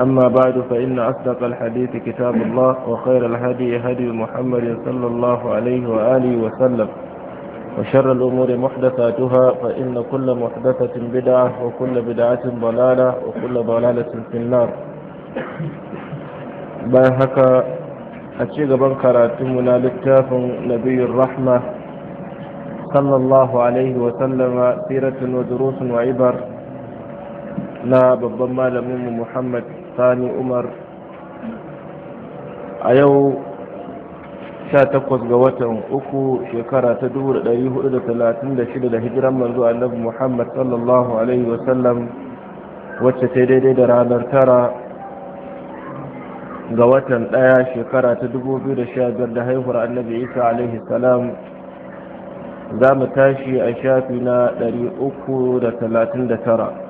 أما بعد فإن أصدق الحديث كتاب الله وخير الهدي هدي محمد صلى الله عليه وآله وسلم وشر الأمور محدثاتها فإن كل محدثة بدعة وكل بدعة ضلالة وكل ضلالة في النار باهك haka a تمنا gaban نبي الرحمة صلى الله عليه وسلم سيرة ودروس وعبر na babban malaminmu muhammad sani umar a yau 18 ga watan uku shekara ta 436 da hijiran manzo annabi muhammad sallallahu alaihi wasallam wacce ta daidai da ranar tara ga watan ɗaya shekara ta 2015 da haihuwar annabi isa alaihi salam za mu tashi a shafi na 339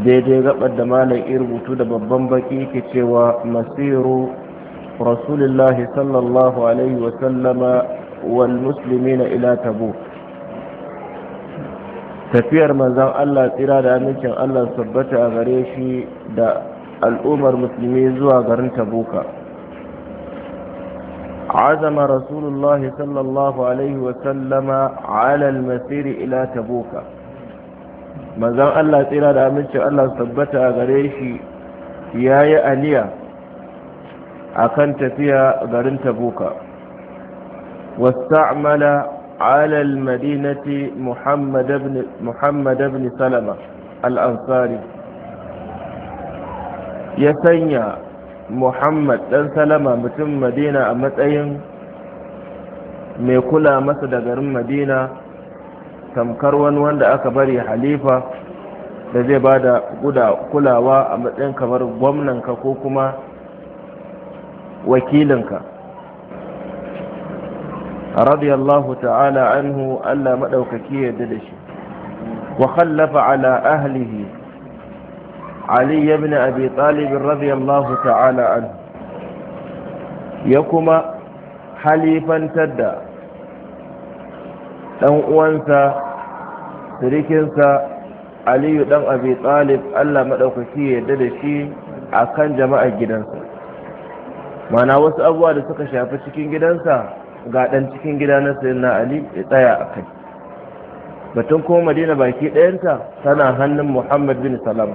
daidai gabar da malam ya rubutu da babban baki ke cewa masiru rasulullahi sallallahu alaihi wasallama wal muslimina ila tabuk tafiyar manzan Allah tsira da amincin Allah sabbata a gare shi da al'ummar musulmi zuwa garin tabuka عزم رسول الله صلى الله عليه وسلم على المسير إلى تبوك manzan Allah tsira da amincin Allah tabbata gare shi ya yi aliya a kan tafiya garin tabuka wasta'amala alal madinati muhammad ibn salama al'ansari ya sanya muhammad ɗan salama mutum madina a matsayin mai kula masa da garin madina tamkar wani wanda aka bari halifa da zai ba da kulawa a matsayin kamar gwamnanka ko kuma wakilinka radiyallahu ta'ala anhu allah maɗaukaki ya da shi wa khallafa ala ahlihi ali ibn abi talib radiyallahu ta'ala anhu ya kuma halifantar da dan uwansa sirikinsa aliyu dan abi talib allah maɗaukaki yadda da shi a kan jama'ar gidansa mana wasu abubuwa da suka shafi cikin gidansa ga dan cikin gida na sayyidina ali ya tsaya a kai batun kuma madina baki ɗayanta tana hannun muhammad bin salama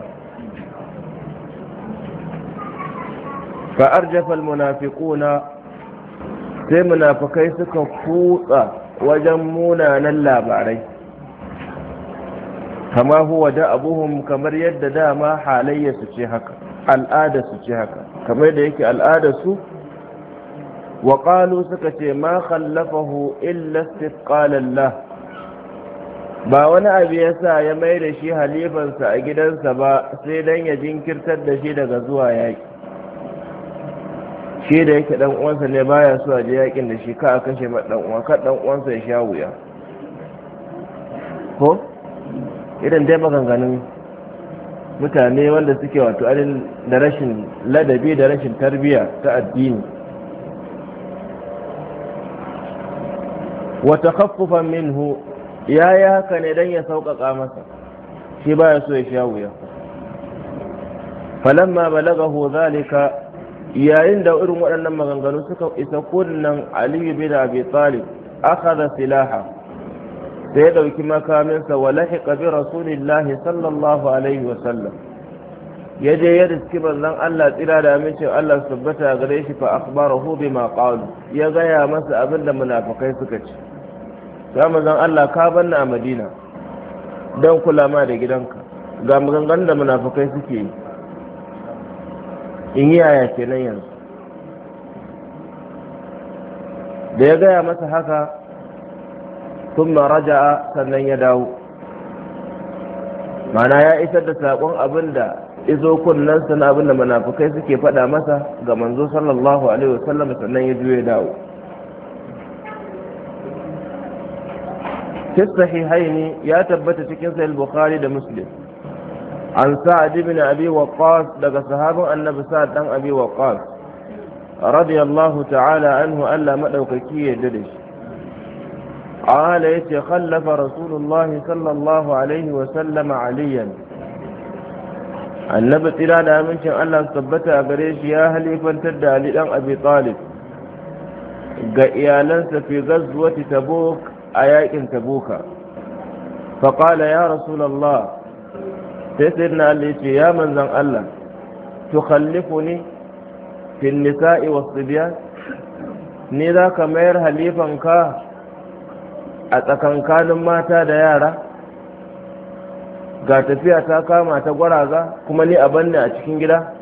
fa'ar jafal munafiquna sai munafikai suka kutsa wajen munanan labarai kama huwa da abuhum kamar yadda dama halayya su ce haka al'ada su ce haka kamar da yake al'ada su wa qalu suka ce ma khallafahu illa istiqalallah ba wani abu yasa ya mai da shi halifansa a gidansa ba sai dan ya jinkirtar da shi daga zuwa yaki shi da yake dan uwansa ne baya so a je yakin da shi ka a kashe ma dan uwa kan dan uwansa ya sha wuya ko idan dai maganganun mutane wanda suke wato alin da rashin ladabi da rashin tarbiyya ta addini wa takhaffufan minhu ya haka ne dan ya sauƙaƙa masa shi baya so ya sha wuya falamma balagahu zalika yayin da irin waɗannan maganganu suka isa kunnan aliyu bin abi talib akhadha silaha sai ya ɗauki makaminsa wa lahiqa bi rasulillahi sallallahu alaihi wa sallam ya je ya riski manzon Allah tsira da aminci Allah su tabbata gare shi fa akhbarahu bima qalu ya gaya masa abin da munafikai suka ce sai manzon Allah ka banna a Madina dan kula ma da gidanka ga maganganun da munafikai suke yi in yi yaya kenan yanzu da ya gaya masa haka sun raja'a sannan ya dawo mana ya isar da saƙon abin da izo kunnensa na abin da munafukai suke faɗa masa ga manzo sallallahu alaihi wasallam sannan ya juye dawo fi sahihaini ya tabbata cikin sahih bukhari da muslim an sa'ad ibn abi waqqas daga sahabin annabi sa'ad dan abi waqqas radiyallahu ta'ala anhu Allah madaukaki ya dade shi قال khallafa خلف رسول الله صلى الله عليه annabi tsira da amincin Allah su tabbata a gare shi ya halifantar da Ali dan Abi Talib ga iyalansa fi ghazwati Tabuk a yakin Tabuka fa qala ya rasulullah sai sai na Allah ce ya manzan Allah tu ni fi nisa'i wa sibyan ni za ka mayar halifan ka a tsakankanin mata da yara ga tafiya ta kama ta gwaraza kuma ni a banne a cikin gida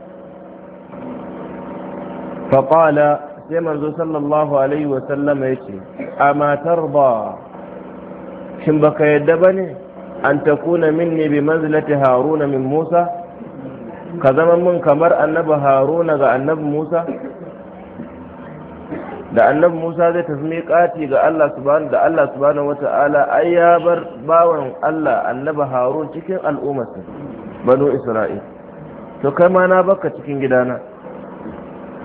faƙala sai manzo sallallahu alaihi wasallama ya ce a matar ba shin baka yadda ba ne an takuna minni bi manzilati haruna min musa ka zama min kamar annabi haruna ga annabi musa da annabi musa zai tafi kati ga allah subhanahu da allah subhanahu wata'ala ai ya bar bawan allah annabi harun cikin al'ummarsa banu isra'il to kai ma na baka cikin gidana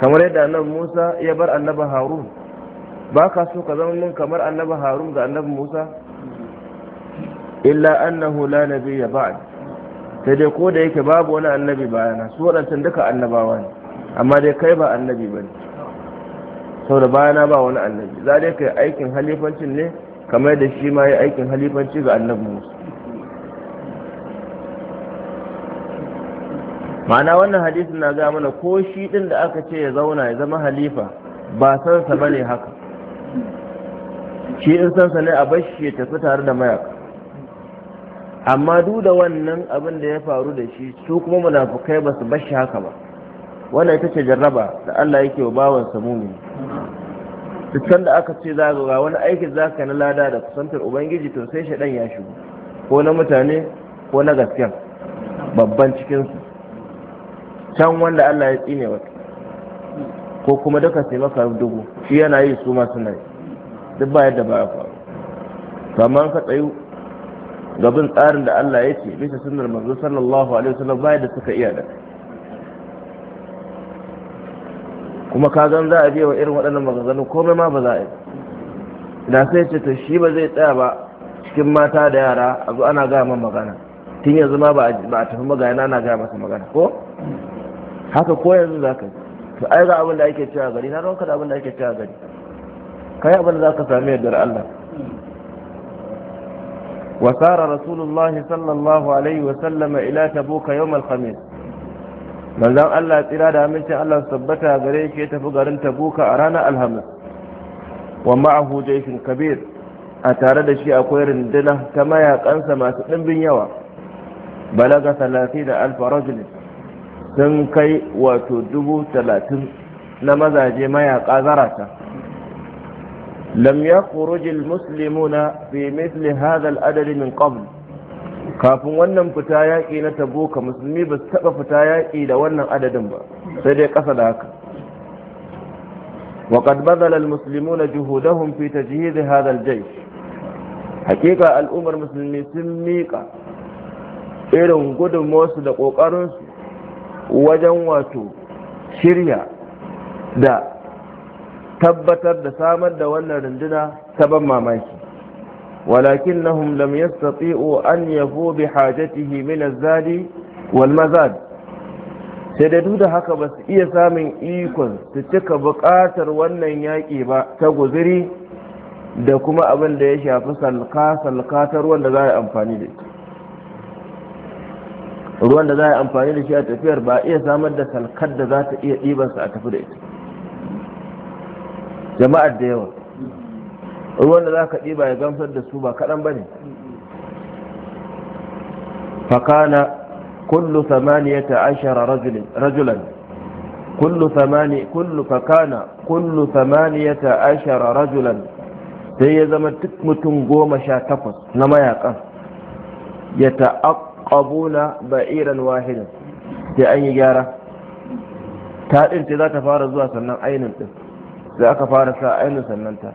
kamar yadda annabi musa ya bar annabi harun ba ka so ka zama min kamar annabi harun ga annabi musa illa annahu la nabiyya ba'd sai dai ko da yake babu wani annabi bayana su waɗancan duka annabawa ne amma dai kai ba annabi ba ne saboda bayana ba wani annabi za dai kai aikin halifancin ne kamar da shi ma yi aikin halifanci ga annabi musu ma'ana wannan hadisin na ga mana ko shi din da aka ce ya zauna ya zama halifa ba sansa ba ne haka shi in sansa ne a bashi ya tafi tare da mayaka amma duk da wannan abin da ya faru da shi su kuma munafukai ba su bashi haka ba wannan ita ce jarraba da Allah yake wa bawan mumin dukkan da aka ce za ga wani aiki zaka na lada da kusantar ubangiji to sai shaɗan ya shigo ko na mutane ko na gaskiya babban cikinsu can wanda Allah ya tsine wata ko kuma duka sai maka dubu shi yana yi su ma suna yi duk ba yadda ba ya faru kamar ka tsayu gabin tsarin da Allah ya ce bisa sunnar manzo sallallahu alaihi wasallam bai da suka iya da kuma ka gan za a je wa irin waɗannan maganganu komai ma ba za a yi da sai ce to shi ba zai tsaya ba cikin mata da yara a zo ana gaya man magana tun yanzu ma ba a tafi magana ana gaya masa magana ko haka ko yanzu za ka to ai ga abin da ake cewa gari na ronka da abin da ake cewa gari kai abin da za ka sami yardar Allah وسار رسول الله صلى الله عليه وسلم إلى تبوك يوم الخميس من ذا الله تلا دا منشان الله ثبتها غريك يتفقر تبوك أرانا الهمس ومعه جيش كبير أتارد شيء أكوير دنه كما يقنس ما سنن بن يوى بلغ ثلاثين ألف رجل سنكي وتدبو ثلاثين نمذا جمايا قاذرته لم يخرج المسلمون في مثل هذا الأدل من قبل kafin wannan fita yaƙi na taboka musulmi ba su taɓa fita yaƙi da wannan adadin ba sai dai ƙasa da haka waƙad bazala musulmi na juhudahun fi jihi zai hadar jai hakika al'ummar musulmi sun miƙa irin gudunmosu da ƙoƙarinsu wajen wato shirya da tabbatar da samar da wannan runduna ta ban mamaki walakin na lam yastati'u an yafu bi hajatihi min az wal mazad sai da duk da haka ba su iya samun ikon su cika buƙatar wannan yaƙi ba ta guziri da kuma abin da ya shafi salka salkatar ruwan da za a amfani da shi ruwan da za a amfani da shi a tafiyar ba iya samar da salkar da za ta iya ɗibarsa a tafi da ita jama'ar da yawa ruwan da za ka ɗiba ya gamsar da su ba kaɗan ba ne fakana kullu samaniyata ashara rajulan kullu samani kullu fakana kullu samaniyata ashara rajulan sai ya zama duk mutum goma sha takwas na mayakan ya ta'aqqabuna ba'iran wahidan sai an yi gyara ta ɗin ce za ta fara zuwa sannan ainin ɗin da aka fara sa ainihin sannan ta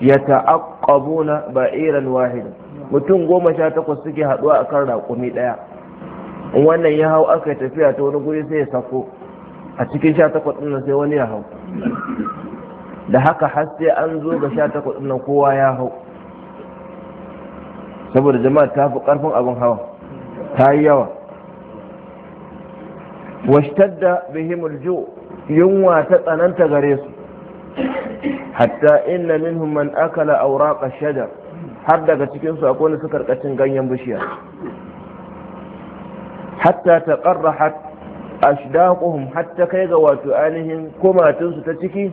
ya na ba'iran wahida mutum goma sha takwas suke haɗuwa a kan raƙumi ɗaya wannan ya hau aka tafiya ta wani guri sai ya sako a cikin sha takwas ɗin sai wani ya hau da haka har sai an zo ga sha takwas ɗin kowa ya hau saboda jama'a ta fi ƙarfin abin hawa ta yi yawa washtadda bihimul ju' yunwa ta tsananta gare su hatta inna minhum man akala awraqa shajar har daga cikin su akwai wanda suka karkacin ganyen bishiya hatta taqarrahat ashdaquhum hatta kai ga wato ainihin komatun su ta ciki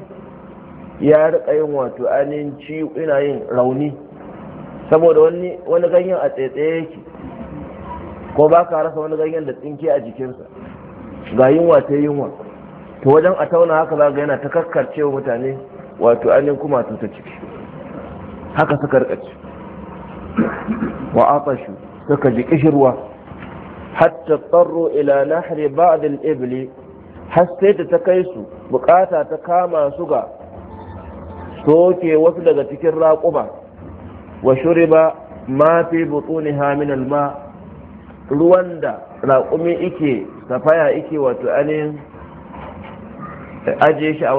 ya rika yin wato ainihin ciwo ina yin rauni saboda wani wani ganyen a tsaitsaye yake ko ba ka rasa wani ganyen da tsinke a jikinsa ga yunwa ta yunwa to wajen a tauna haka za ga yana ta wa mutane wato ainihin kuma su ta ciki haka suka rikaci wa atashu suka ji kishirwa hatta tsarro ila nahri ba'dil ibli har sai da ta kai su bukata ta kama su ga soke wasu daga cikin raƙuma wa shuriba ma fi butuniha min ma ruwan da raƙumi ike safaya ike wato ainihin ajiye shi a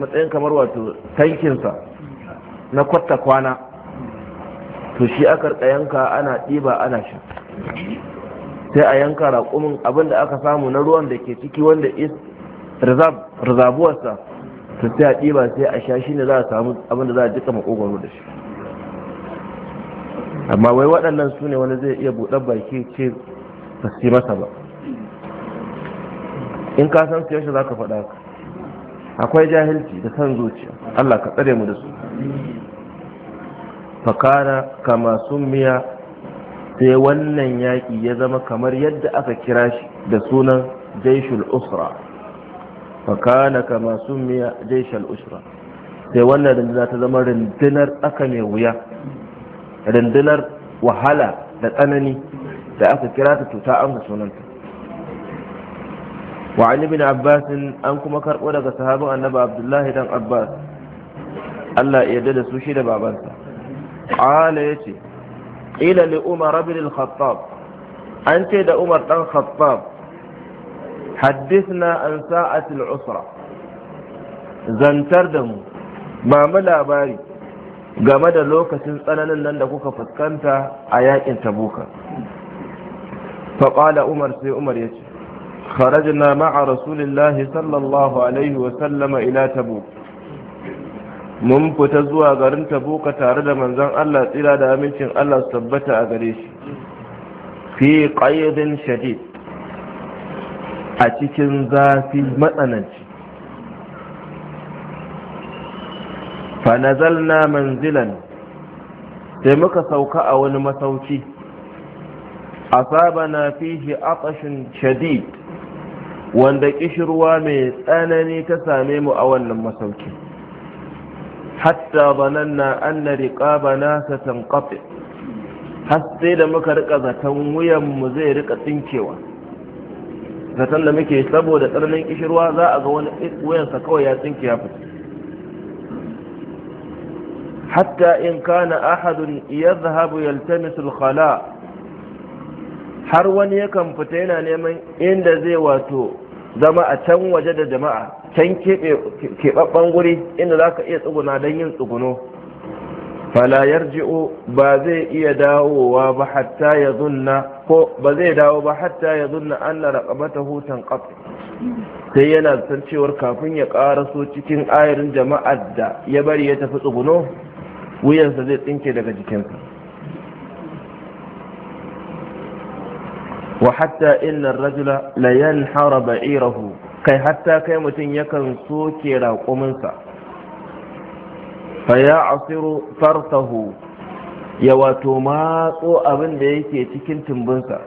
matsayin kamar wato tankinsa na kwatta kwana to shi aka yanka ana ɗiba ana sha sai a yanka raƙumin abin da aka samu na ruwan da ke ciki wanda is rizabuwarsa to sai a ɗiba sai a sha shi ne za a samu abin da za a jika makogwaro da shi amma wai waɗannan su ne wani zai iya buɗe baki ce ba su masa ba in ka san su yaushe za ka faɗa ka akwai jahilci da san zuciya Allah ka tsare mu da su fakara kama summiya sai wannan yaƙi ya zama kamar yadda aka kira shi da sunan jaishul usra fakana kama summiya jaishul usra sai wannan rundunar ta zama rindunar aka mai wuya rindunar wahala da tsanani da aka kira ta tuta an sunanta wa an ibn abbas an kuma karbo daga sahabin annabi abdullahi dan abbas Allah ya yarda da su shi da babansa qala yace ila li umar ibn al-khattab an ce da umar ɗan dan Haddis na an sa'at al-usra zantar da mu ba labari game da lokacin tsananin nan da kuka fuskanta a yakin tabuka faƙala umar sai umar ya ce خرجنا مع رسول الله صلى الله عليه وسلم إلى تبوك mun fita zuwa garin tabuka tare da manzon Allah tsira da amincin Allah su tabbata a gare shi fi qaydin shadid a cikin zafi matsananci fa nazalna manzilan sai muka sauka a wani masauki asabana fihi atashin shadid wanda kishirwa mai tsanani ta same mu a wannan masauki hatta bananna anna riqabana satanqati har sai da muka rika zaton wuyanmu zai rika tsinkewa zaton da muke saboda tsananin kishirwa za a ga wani wuyansa kawai ya tsinke ya fita hatta in kana ahadun yadhhabu yaltamisu al-khala' har wani yakan fita yana neman inda zai wato zama a can waje da jama'a can keɓaɓɓen guri inda za ka iya tsuguna don yin tsuguno falayar ji'o ba zai iya dawowa ba hatta ya zunna ko ba zai dawo ba hatta ya zunna an na mata hutan ƙaf sai yana san cewar kafin ya ƙara so cikin ayarin jama'ar da ya bari ya tafi tsuguno wuyansa zai tsinke daga jikinsa wa hatta inna rajula la yanhara ba'irahu kai hatta kai mutum yakan soke raƙuminsa fa ya fartahu ya wato matso abin da yake cikin tumbinsa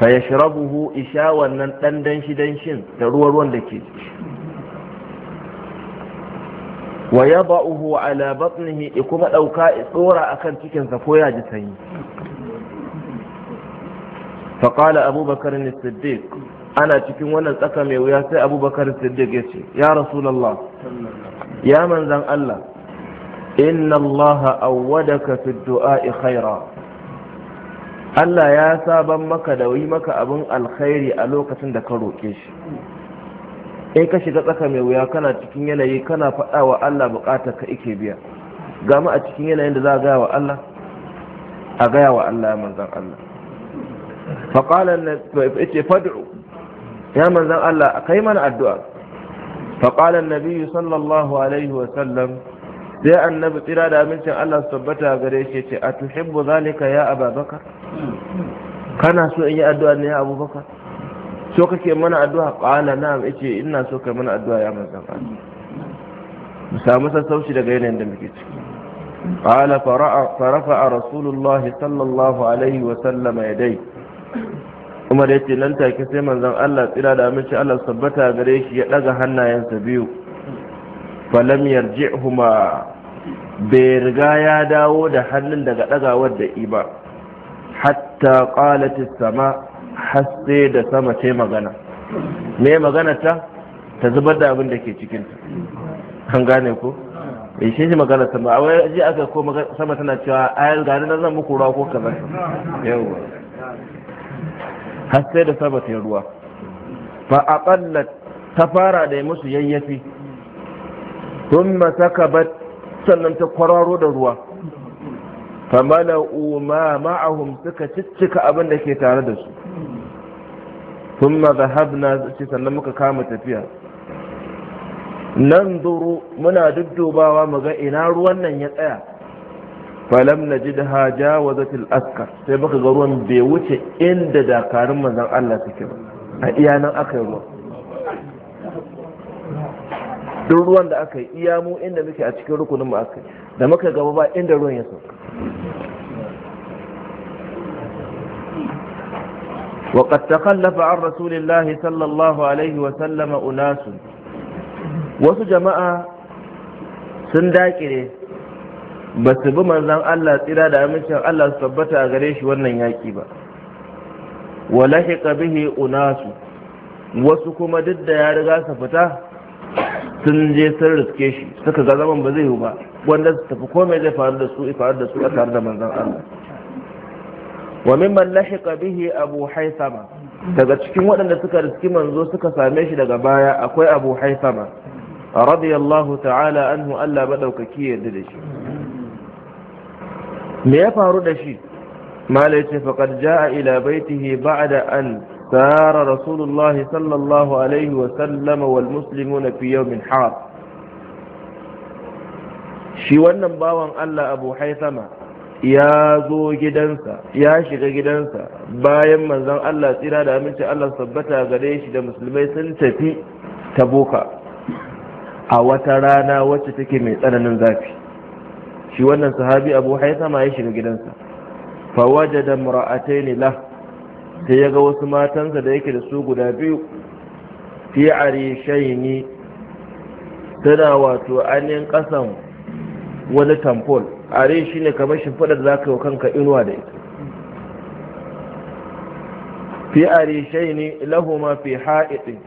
fa ya isha wannan ɗan danshi danshin da ruwan ruwan da ke wa ya ala batnihi kuma ɗauka tsora akan cikinsa ko ya ji sanyi faƙala abubakar الصديق ana cikin wannan tsaka mai wuya sai abubakar siddiq ya ce ya rasulallah ya manzan allah inna allah awwadaka fi du'a'i khaira allah ya saban maka da yi maka abin alkhairi a lokacin da ka roƙe shi in ka shiga tsaka mai wuya kana cikin yanayi kana faɗa wa allah buƙatar ka ike biya gama a cikin yanayin da za a gaya wa allah a gaya wa allah ya manzan allah faƙalar na ce fad'u ya manzan Allah kai mana addu'a faƙalar nabiyu sallallahu alaihi wasallam sai annabi tsira da amincin Allah su tabbata gare shi ce a tuhibbu zalika ya ababakar kana so in yi addu'a ne ya abubakar so kake mana addu'a qala na'am yace ina so kai mana addu'a ya manzon Allah mu samu sassauci daga yanayin da muke ciki qala fara'a farafa rasulullah sallallahu alaihi wa umar ya ce nan take sai manzon Allah tsira da aminci Allah sabbata gare shi ya daga hannayensa biyu falam yarji'huma bai riga ya dawo da hannun daga daga da iba hatta qalat sama har sai da sama ce magana me magana ta ta zubar da abin da ke cikin ta an gane ko bai shi magana sama a wai ji aka ko sama tana cewa ayar gani na zan muku ruwa ko kaza yawwa har sai da sabatin ruwa fa aqallat ta fara da ya musu yayyafi thumma sakabat sannan ta kwararo da ruwa fa mala'u ma ma'ahum suka ciccika abin da ke tare da su thumma dhahabna shi sannan muka kama tafiya nan duru muna duddubawa mu ga ina ruwan nan ya tsaya falam na ji da haja wa askar sai baka ga ruwan bai wuce inda dakarun manzon Allah suke ba a iya nan aka yi ruwan duk ruwan da aka yi iya mu inda muke a cikin rukunin mu aka yi da muka gaba ba inda ruwan ya sauka وقد تخلف عن رسول الله صلى الله عليه وسلم أناس wasu jama'a sun dakire ba su bi manzan Allah tsira da amincin Allah su tabbata a gare shi wannan yaƙi ba walahiqa bihi unasu wasu kuma duk da ya riga su fita sun je sun riske shi suka ga zaman ba zai yi ba wanda su tafi komai zai faru da su faru da su a tare da manzan Allah wa mimman lahiqa bihi abu haisama daga cikin waɗanda suka riski manzo suka same shi daga baya akwai abu haisama radiyallahu ta'ala anhu Allah madaukaki yarda da shi me ya faru da shi malai ce faqad jaa ila baitihi ba'da an sara rasulullah sallallahu alaihi wa sallama wal na fi min har shi wannan bawan Allah Abu Haythama ya zo gidansa ya shiga gidansa bayan manzon Allah tsira da aminci Allah sabbata gare shi da musulmai sun tafi boka a wata rana wacce take mai tsananin zafi shi wannan sahabi abu haithama ya shiga gidansa fawaje da mura'atai ne la Ta ya ga wasu matansa da yake da su guda biyu fi arishaini tana wato ainihin kasan wani tamfol are shi ne kamar shimfiɗa da za ka yi kanka inuwa da ita fi arishaini lahuma fi ha'iɗin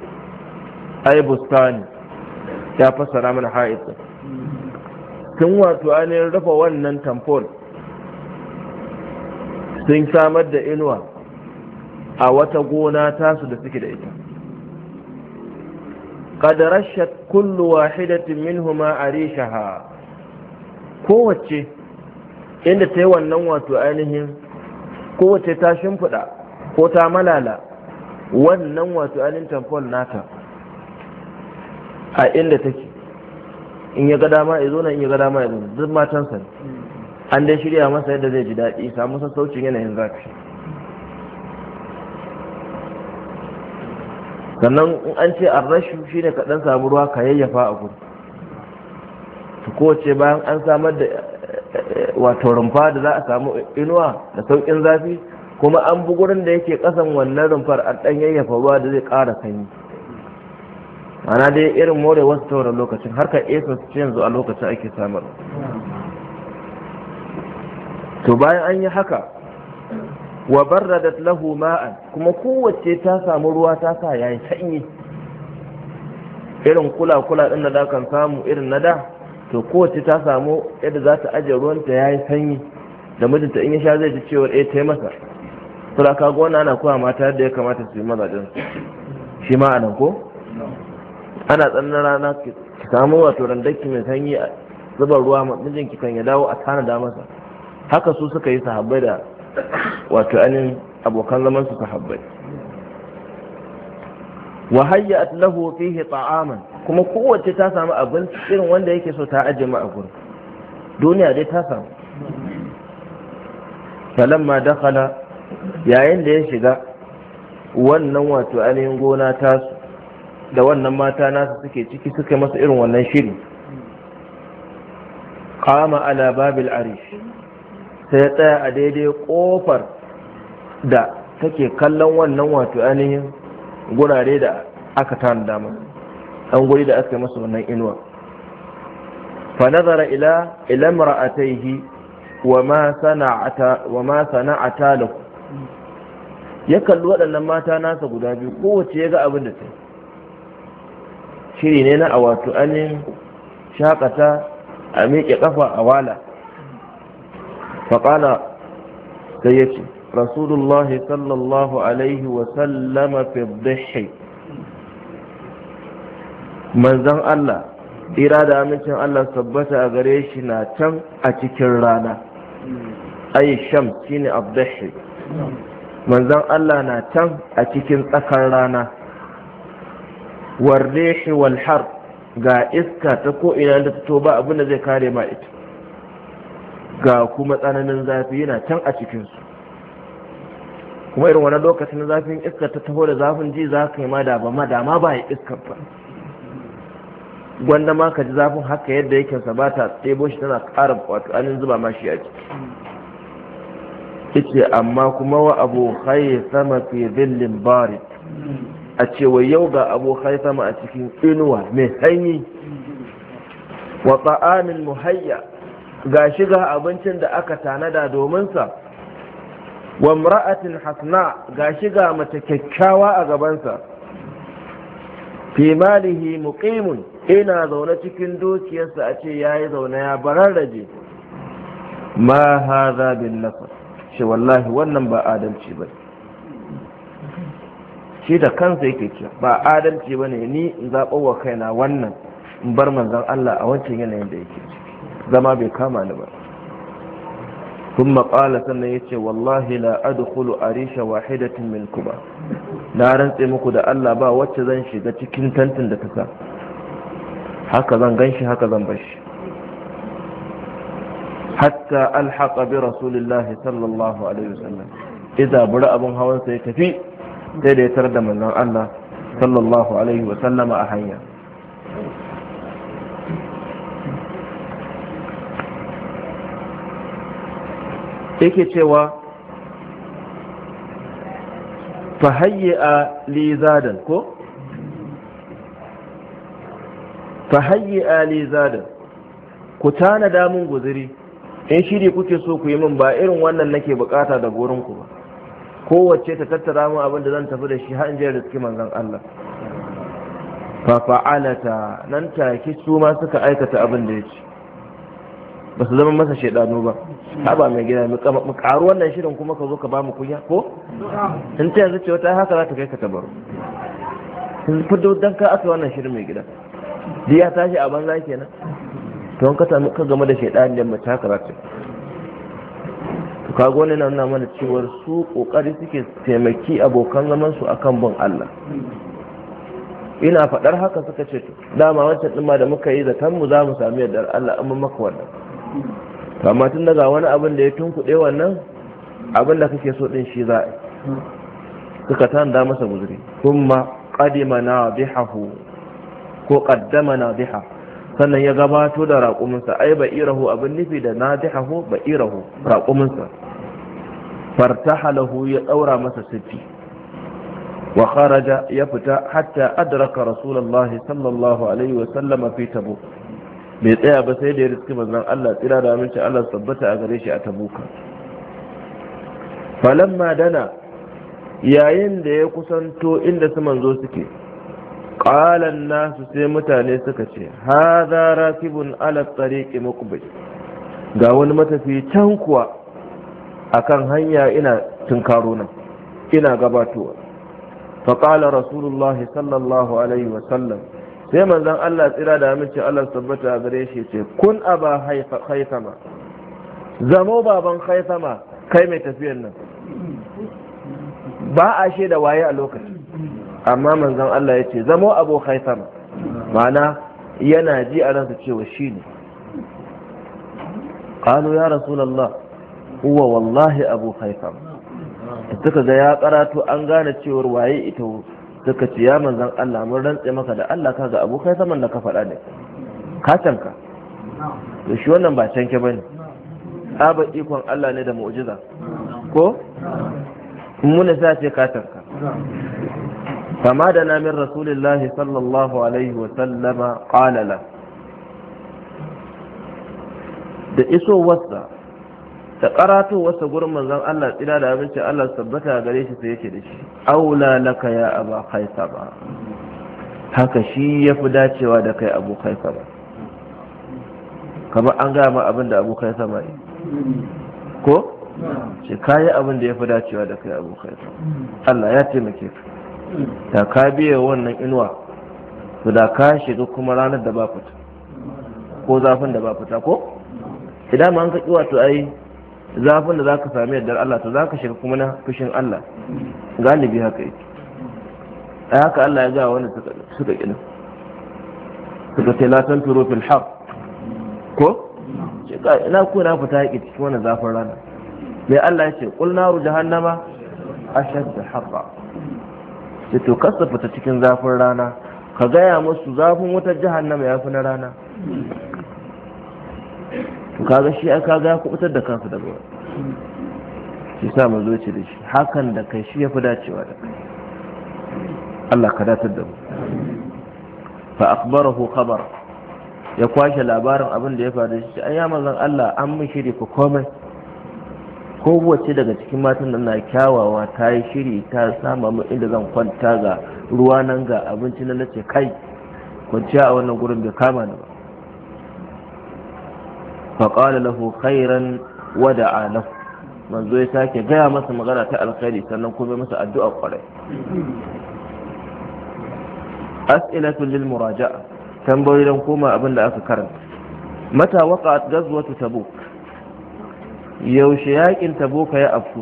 ai bustani ya fassara mana ha'iɗin Tun wato ainihin rufe wannan tamfol sun samar da inuwa a wata gona tasu da suke da ita ƙadarashat kullu wahidatin minhuma rishaha. kowace inda ta yi wannan wato ainihin kowace ta shimfiɗa ko ta malala wannan wato ainihin tamfol nata a inda take in ya ga dama ya zo nan in ya ga dama ya zo duk matan sa an dai shirya masa yadda zai ji daɗi samu sassaucin yanayin zafi sannan in an ce an rashu shine ka dan samu ruwa ka yayyafa a gudu to kowace bayan an samar da wato rumfa da za a samu inuwa da sauƙin zafi kuma an bi gurin da yake ƙasan wannan rumfar an ɗan yayyafa ruwa da zai ƙara sanyi ana dai irin more wasu tauran lokacin har ka esa su yanzu a lokacin ake samar to bayan an yi haka wa barradat lahu ma'an kuma kowace ta samu ruwa ta sa yayi sanyi irin kula kula din da da kan samu irin na da to kowace ta samu yadda za ta ajiye ruwan ta yayi sanyi da mijinta in ya sha zai ji cewa eh, ta yi masa to da kaga wannan ana koya mata yadda ya kamata su yi mazajen shi ma ko ana tsanin rana ki samu wato randaki mai sanyi a zuba ruwa mijin ki kan ya dawo a tanada masa haka su suka yi sahabbai da wato anin abokan zaman su sahabbai wa hayyat lahu fihi ta'aman kuma kowace ta samu abin irin wanda yake so ta aje ma a gurin duniya dai ta samu falamma dakhala yayin da ya shiga wannan wato anin gona tasu da wannan mata nasu suke ciki suka masa irin wannan shiri kama ala babil arish sai tsaya a daidai kofar da take kallon wannan wato ainihin gurare da aka tana dama, an guri da aka yi masa wannan inuwa fa nazara ila ila imra'atayhi wa ma sana'ata wa ma sana'ata ya kalli waɗannan mata nasa guda biyu kowace ya ga abin da ta yi shiri ne na a wato anin shakata a miƙe ƙafa a wala faƙala sai ya ce rasulullah sallallahu alaihi wasallama fi dhihi manzan Allah ira da amincin Allah sabbata a gare shi na can a cikin rana ayi sham shine abdahi manzan Allah na can a cikin tsakar rana warrihi wal ga iska ta ko ina da ta ba abin da zai kare ma ita ga kuma tsananin zafi yana can a cikinsu, kuma irin wani lokacin zafin iska ta taho da zafin ji za ka yi ma da ba ma dama ba ya iskar ba gwanda ma ka ji zafin haka yadda yake sa ba ta shi tana ƙara wato anin zuba ma shi a ciki ita amma kuma wa abu khayy sama fi dhillin barit a cewa yau ga abu sama a cikin inuwa mai hanyi wa ta'amin muhayya ga shiga abincin da aka tanada dominsa wa mra'atin hasna ga shiga mata kyakkyawa a gabansa fi malihi muqimun ina zaune cikin dukiyarsa a ce yayi zaune ya bararraje ma hadha bin nasr shi wallahi wannan ba adalci bane shi da kansa yake ce ba adalci bane ni in zaɓar wa kaina wannan in bar manzon Allah a wancan yanayin da yake zama bai kama ni ba ce قال na wallahi la adkhulu arisha wahidatin min منكما na rantse muku da Allah ba wacce zan shiga cikin tantin da kasa haka zan ganshi haka zan bashi hatta alhaqa bi rasulillah sallallahu alaihi wasallam idan bura abun hawan sai tafi sai da ya tarar da manzon Allah sallallahu alaihi wa sallama a hanya yake cewa fahayya li zadan ko fahayya li zadan ku tana damun guziri in shiri kuke so ku yi min ba irin wannan nake bukata da gorinku ba kowace ta tattara mu abin da zan tafi da shi har da suke manzan Allah fa fa'alata nan take su ma suka aikata abin da yake ba su zama masa shaidanu ba haba mai gida mu karu wannan shirin kuma ka zo ka ba mu kunya ko in ta yanzu ce wata haka za ta kai ka tabaru sun fito dan ka aka wannan shirin mai gida diya tashi a banza kenan don ka ka ka game da shaidanu da mu haka za ta to ne na nuna mana cewar su kokari suke taimaki abokan zaman su akan bin Allah ina faɗar haka suka ce to dama wancan din ma da muka yi zaton mu za mu sami yardar Allah amma maka wannan amma tun daga wani abin da ya tunkuɗe wannan abin da kake so din shi za a suka tanda masa guzuri kuma qadima nadihahu ko qaddama biha. sannan ya gabato da raƙuminsa ai ba irahu abin nufi da na nadihahu ba irahu raƙuminsa fartahalahu ya daura masa siffi wa kharaja ya fita hatta adraka rasulullahi sallallahu alaihi wa sallama fi bai tsaya ba sai da ya riski manzon Allah tsira da aminci Allah tabbata a gare shi a tabuka falamma dana yayin da ya kusanto inda su manzo suke qalan nasu sai mutane suka ce hadha rakibun ala tariqi muqbil ga wani matafi can kuwa akan hanya ina tunkaro nan ina gabatowa faƙala rasulullah sallallahu alaihi wasallam sai manzon Allah tsira da amince Allah tabbata a gare shi ce kun aba haifama zamo baban haifama kai mai tafiyar nan ba a shaida waye a lokaci amma manzon Allah ya ce zamo abu haifama ma'ana yana ji a ransa cewa shi ne قالوا يا رسول huwa wallahi abu haifam suka ga ya karatu an gane cewar waye ita suka ce ya manzan Allah mun rantse maka da Allah kaga abu haifaman da ka faɗa ne ka canka to shi wannan ba canke bane tsaba ikon Allah ne da mu'jiza ko Mun ne sai ka canka kama da namin rasulullahi sallallahu alaihi wa sallama qala da isowarsa da karato wasa gurin manzon Allah tsira da abinci Allah sabbata gare shi sai yake da shi aula laka ya aba khaisaba haka shi ya fi dacewa da kai abu khaisaba kamar an gaya ma abin da abu khaisaba yi. ko ce kayi abin da fi dacewa da kai abu khaisaba Allah ya taimake ka da ka biya wannan inuwa to da ka shiga kuma ranar da ba fita ko zafin da ba fita ko idan ma an ka kiwa to ai zafin da zaka sami yardar Allah to zaka shiga kuma na fushin Allah galibi haka yake a haka Allah ya ga wanda suka suka suka ce latin tanturu fil har ko ina ku na fita yake cikin wani zafin rana mai Allah ya ce qul naru jahannama shadda harra ce to kasa fita cikin zafin rana ka gaya musu zafin wutar jahannama ya fi na rana kaga shi kaga ya kubutar da kansa daga wani shi sa mu zo ci da shi hakan da kai shi ya fi dacewa da Allah ka datar da mu fa akhbarahu khabar ya kwashe labarin abin da ya faru shi ai ya manzon Allah an mun shiri ku komai ko wacce daga cikin matan nan na kyawawa ta yi shiri ta sama mu inda zan kwanta ga ruwa nan ga abinci na nace kai kwanciya a wannan gurin bai kama ni ba faƙala lahokairan khairan wada'a lahu manzo ya sake gaya masa magana ta alkhairi sannan kuma masa addu'a kwarai as'ilatu lil muraja'a tambayoyi don koma abin da aka karanta mata waqa'at ta tabuk yaushe yakin tabuk ya afku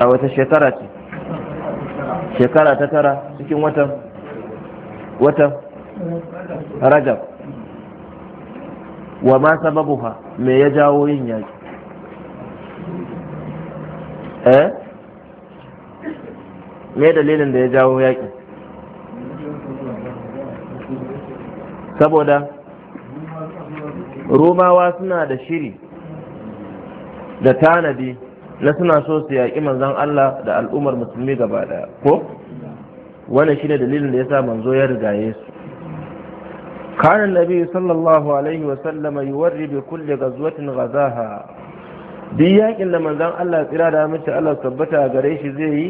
a wata shekara ce shekara ta tara cikin watan rajab wa ma sababuha me ya jawo yin yaƙi? eh me dalilin da ya jawo yaƙi? saboda romawa suna da shiri da tanadi na suna so su yaƙi manzan Allah da al'ummar musulmi gaba ɗaya ko wannan shine dalilin da ya sa manzo ya rigaye su كان النبي صلى الله عليه وسلم يوري بكل غزوة غزاها duk yakin da manzon Allah tsira da mace Allah tabbata a gare shi zai yi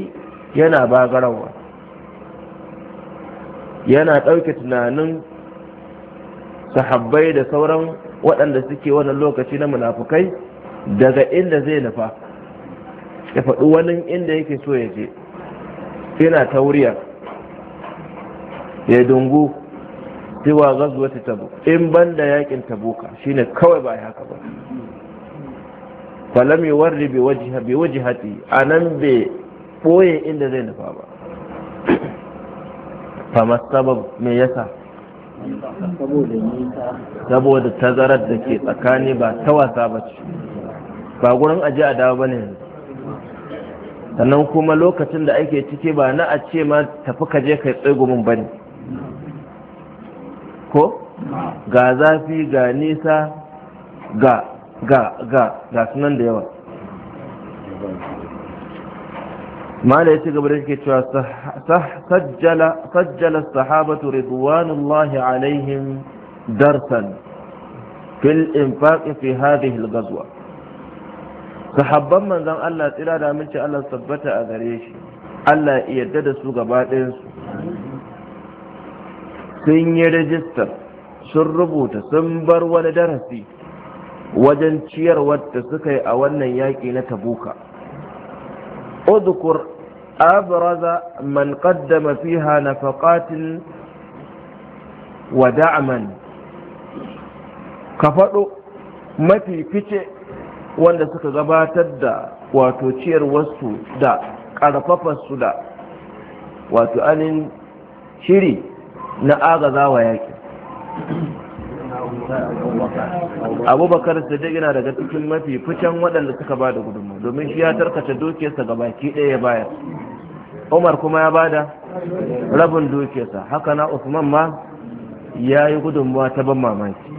yana bagarawa yana ɗauke tunanin sahabbai da sauran waɗanda suke wannan lokaci na munafukai daga inda zai nufa ya faɗi wani inda yake so ya je yana tauriya ya dungu siwa gazuwar tabu in banda yakin tabuka shine kawai ba haka ba falam yi warri bi waje hati a nan bai ɓoye inda zai nufa ba masu sabab me yasa saboda tazarar da ke tsakani ba ta wasa ba ce ba gurin aji a dawo ba sannan kuma lokacin da ake ciki ba na a ce ma tafi kaje kai tsegumin ba ne ko ga zafi ga nisa ga ga ga ga sunan da yawa mala ya ci gaba da yake cewa sajjala sahabatu ridwanullahi alaihim darsan fil infaqi fi hadhihi al-ghazwa sahabban manzon Allah tsira da aminci Allah tabbata a gare shi Allah ya yarda da su gaba ɗayan su sun yi rajista sun rubuta sun bar wani darasi wajen ciyarwar da suka yi a wannan yaƙi na tabuka uzukur abraza man qaddama fiha nafaqatin wa da'man ka faɗo mafi fice wanda suka gabatar da wato ciyarwarsu da ƙarfafarsu da wato anin shiri na agaza wa yaƙi abubakar siddiq yana daga cikin mafi ficen waɗanda suka ba da gudunmu domin shi ya tarkace dukiyarsa ga baki ɗaya ya bayar umar kuma ya ba da rabin dukiyarsa haka na usman ma ya yi gudunmuwa ta ban mamaki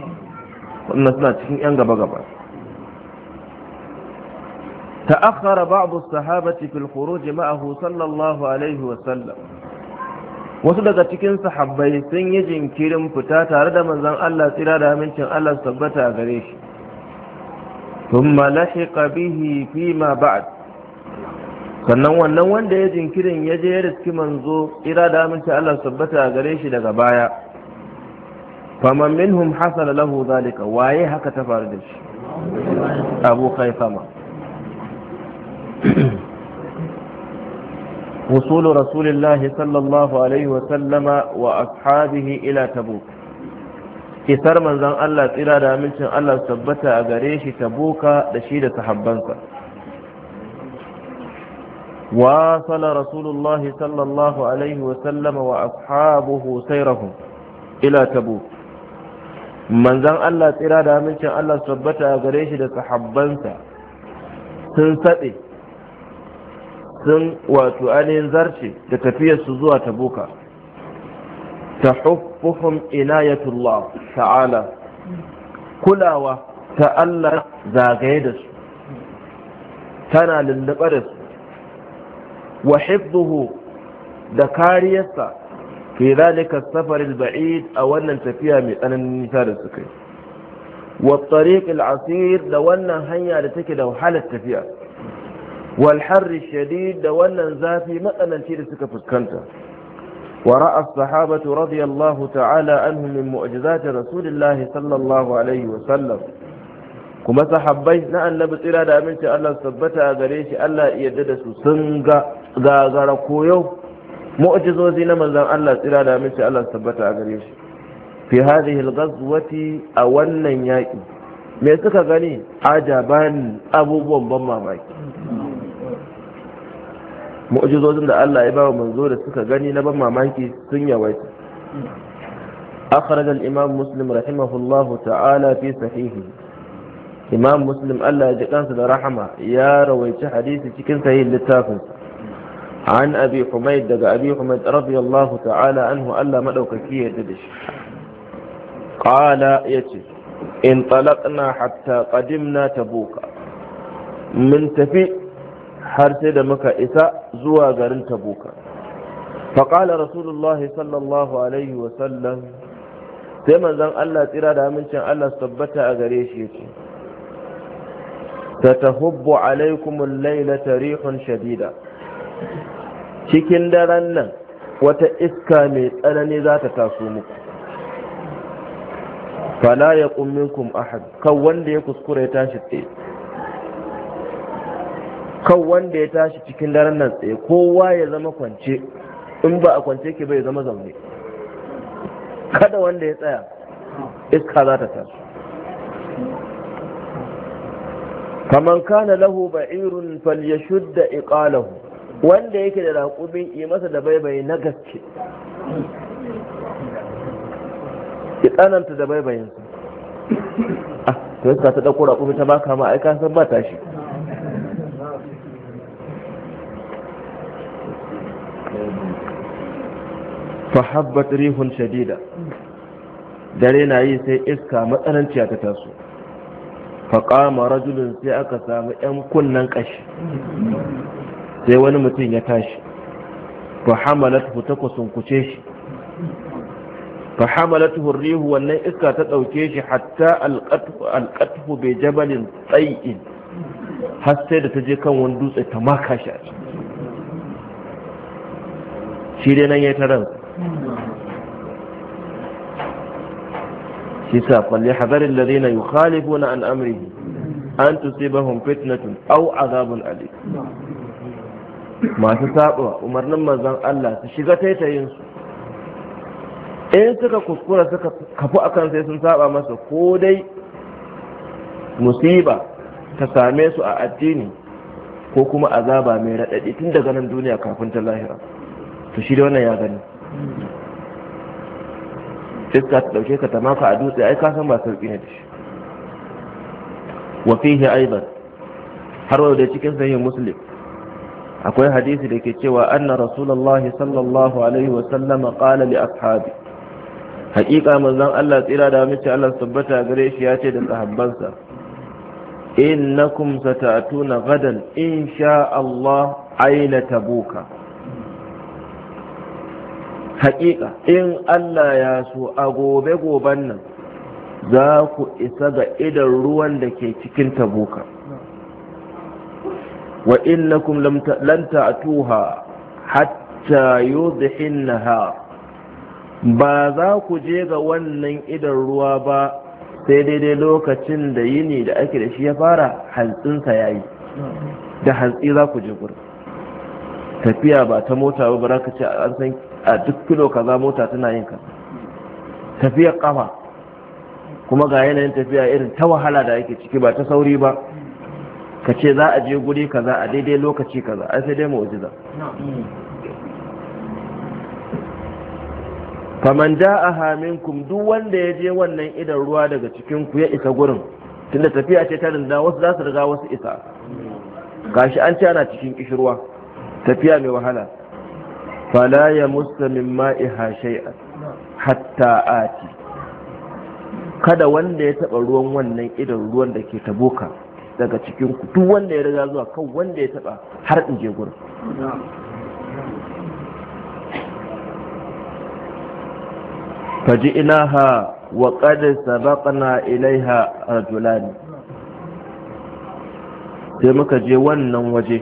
wannan suna cikin 'yan gaba-gaba ta'akhara ba'd as-sahabati fil khuruj ma'ahu sallallahu alaihi wa sallam wasu daga cikin sahabbai sun yi jinkirin fita tare da manzon Allah tsira da amincin Allah su tabbata a gare shi thumma lahiqa bihi fima ba'd sannan wannan wanda ya jinkirin ya je ya riski manzo tsira da amincin Allah su tabbata a gare shi daga baya faman minhum hasala lahu zalika waye haka ta faru da shi abu khaifama وصول رسول الله صلى الله عليه وسلم وأصحابه إلى تبوك isar manzon Allah tsira da amincin Allah su tabbata a gare shi tabuka da shi da sahabbansa wasala rasulullahi sallallahu alaihi wasallama wa ashabuhu sairahum ila tabuk manzon Allah tsira da amincin Allah a shi da sahabbansa sun saɗe sun wato ainihin zarce da tafiyarsu zuwa tabuka ta huffuhum inayatullah ta'ala kulawa ta Allah zagaye da su tana lullube da su wa hifduhu da kariyarsa fi zalika safaril ba'id a wannan tafiya mai tsananin nisa da suka yi wa tariq asir da wannan hanya da take da wahalar tafiya wal harri da wannan zafi matsananci da suka fuskanta ورأى الصحابة رضي الله تعالى عنهم من معجزات رسول الله صلى الله عليه وسلم كما صحابي نا النبي tsira da aminci tabbata a Allah ya yarda da su sun ga gagara koyo mu'jizozi na manzon Allah tsira da aminci tabbata a fi hadhihi al a wannan yaki me suka gani bani, abubuwan ban mamaki mu'jizozin da Allah ya bawa manzo da suka gani na mamaki sun yawaita akhraj al-imam muslim rahimahullahu ta'ala fi sahihi imam muslim Allah ya ji da rahama ya rawaici hadisi cikin sahihin littafinsa. an abi humayd daga abi humayd radiyallahu ta'ala anhu Allah madaukaki ya yarda kala shi qala yace in talaqna hatta qadimna tabuka mun tafi har sai da muka isa zuwa garin tabuka faƙala rasulullahi sallallahu alaihi wasallam sai manzon allah tsira da amincin allah su tabbata a gare shi ce tatahubbu alaikum laila tarihun shadida cikin daren nan wata iska mai tsanani za ta taso muku fala ya minkum ahad kan wanda ya kuskure tashi tsaye kan wanda ya tashi cikin daren nan tsaye kowa ya zama kwance in ba a kwance ke bai zama zaune kada wanda ya tsaya iska za ta tashi Kamar kana lahu ba'irun falyashudda iqalahu wanda yake da raƙumin yi masa da baibayi na gaske ki tsananta da A ah, to ta ɗauko raƙumi ta baka ma aika ka san ba tashi fahabbat rihun shadida dare na yi sai iska matsananciya ta taso faƙama rajulun sai aka samu 'yan kunnen ƙashi sai wani mutum ya tashi fahamalatu ta kusunkuce shi fahamalatu rihu wannan iska ta ɗauke shi hatta alƙatuhu bai jabalin tsayin har sai da ta je kan wani dutse ta maka shi a shi dai nan ta shi sa na hadarin da na al’amri an amrihi ba hun fitnatun a azabun Ali. masu saba umarnin mazan Allah su shiga taitayinsu. in suka kuskura suka kafu akan sai sun saba masa ko dai musiba ta same su a addini ko kuma azaba mai raɗaɗi tun daga nan duniya kafin ta lahira to shi da wannan ya gani iska ta dauke ka ta maka a dutse ai ka san ba sauki ne dashi wa fihi aidan har wa da cikin sahih muslim akwai hadisi da ke cewa anna rasulullahi sallallahu alaihi wa sallam, qala li ashabi haƙiƙa manzon Allah tsira da mace Allah tabbata gare shi ya ce da sahabbansa innakum sata'tuna gadan insha Allah aina tabuka haƙiƙa in Allah ya so a gobe goben nan za ku isa ga idan ruwan da ke cikin tabuka wa innakum a ta'tuha hatta yudhinnaha ba za ku je ga wannan idan ruwa ba sai daidai lokacin da yini da ake da shi ya fara hantsinsa ya yi da hantsi za ku je gurin tafiya ba ta mota ba ba za ka ce an san a duk kilo kaza mota tana yin ka tafiyar kafa kuma ga yanayin tafiya irin ta wahala da yake ciki ba ta sauri ba ka ce za a je guri kaza a daidai lokaci kaza ai sai dai mu'jiza faman ja'aha minkum duk wanda ya je wannan idan ruwa daga cikin ku ya isa gurin tunda tafiya ce ta rinda wasu za su riga wasu isa gashi an ce ana cikin kishirwa tafiya mai wahala فلا ya من مائها شيئا حتى آتي ati kada wanda ya taba ruwan wannan idan ruwan da ke taboka daga cikin ku wanda ya riga zuwa kan wanda ya taba har in je gurin wa وقد سبقنا ilaiha julani? sai muka je wannan waje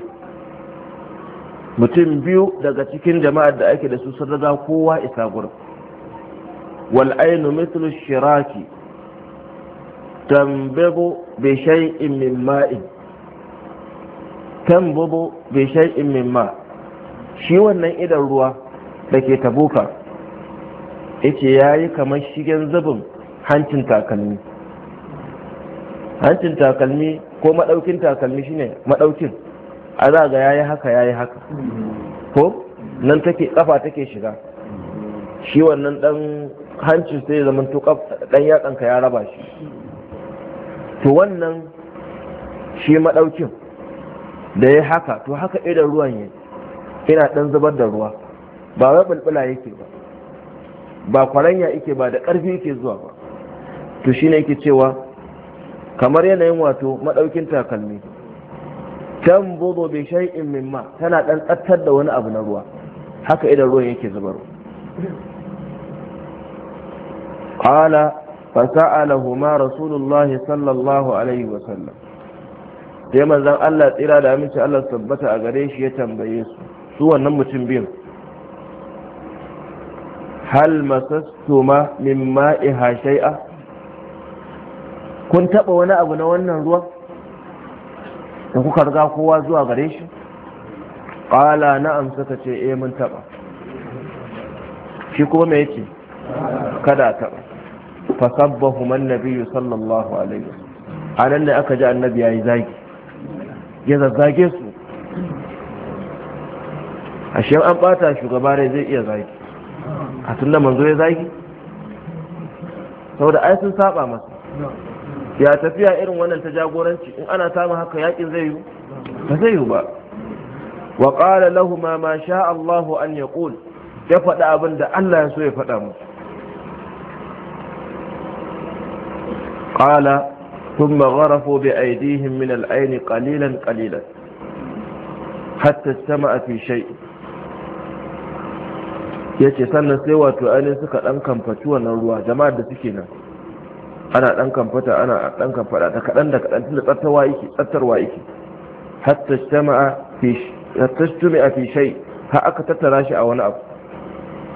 mutum biyu daga cikin jama'ar da ake da su sun raga kowa isa gurin wal ainu mithlu shiraki tambabu bi shay'in min ma'in tambabu bi shay'in min ma shi wannan idan ruwa da ke tabuka yace yayi kamar shigen zubin hancin takalmi hancin takalmi ko madaukin takalmi shine madaukin a za ga yayi haka yayi haka ko nan take kafa take shiga shi wannan dan hanci sai zaman to dan yakan ka ya raba shi to wannan shi madaukin da ya haka to haka idan ruwan ya ina dan zubar da ruwa ba wai bulbula yake ba ba kwaranya yake ba da karfi yake zuwa ba to shine yake cewa kamar yanayin wato madaukin takalmi tanbudu bi shay'in min ma tana dan tsattar da wani abu na ruwa haka idan ruwan yake zubar qala fa huma rasulullahi sallallahu alaihi wa sallam sai manzan Allah tsira da aminci Allah tabbata a gare shi ya tambaye su su wannan mutum biyun hal masastuma min ma'iha shay'a kun taba wani abu na wannan ruwan da kuka riga kowa zuwa gare shi ƙala na'am suka ce eh mun taɓa shi kuma me yake kada taɓa fasabbahu man nabiyyu sallallahu alaihi a nan da aka ji annabi yayi zagi ya zazzage su ashe an bata shugaba ne zai iya zagi a tunda manzo ya zagi saboda ai sun saba masa ya tafiya irin wannan ta jagoranci in ana samun haka yakin zai yi ba zai yi ba wa qala lahum ma sha Allah an yaqul ya faɗa abin da Allah ya so ya faɗa musu qala ثم غرفوا بأيديهم من العين قليلا قليلا حتى استمع في شيء yace sannan sai wato ainihin suka ɗan kamfaci wannan ruwa jama'ar da suke nan ana dan kamfata ana dan kamfada ta kadan da kadan tunda tsattarwa yake tsattarwa yake hatta jama'a fi hatta a fi shay ha aka tattara shi a wani abu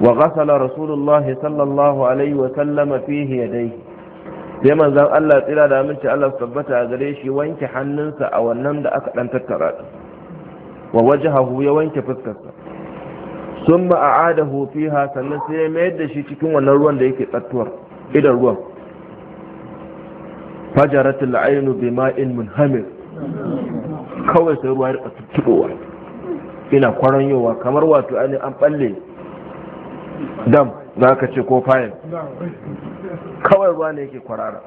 wa ghasala rasulullahi sallallahu alaihi wa sallama fihi yadayhi sai manzon Allah tsira da aminci Allah tabbata a gare shi wanke hannunsa a wannan da aka dan tattara wa wajhahu ya wanke fuskarsa summa a'adahu fiha sannan sai ya mayar da shi cikin wannan ruwan da yake tsattuwar idan ruwan fajaratul ainu bima'in munhamir kawai sai ruwa ya tuttubowa ina kwaranyowa kamar wato ainihin an balle dam za ka ce ko fayil kawai ruwa ne yake kwarara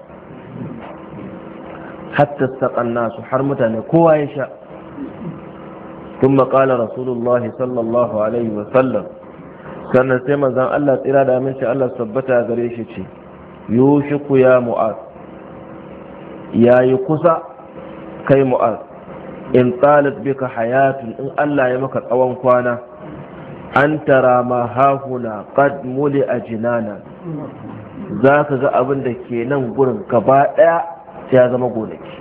hatta saƙan nasu har mutane kowa ya sha Tun maƙala رسول Sallallahu alaihi الله عليه sannan sai manzon Allah tsira da aminci Allah sabbata gare shi ce yushiku ya mu'az Ya yi kusa kai mu'az in talat bika hayatun in Allah ya maka tsawon kwana an tara ma hahuna qad muli ajinana za ka ga abin da ke nan gurin gaba ɗaya ya zama gonaki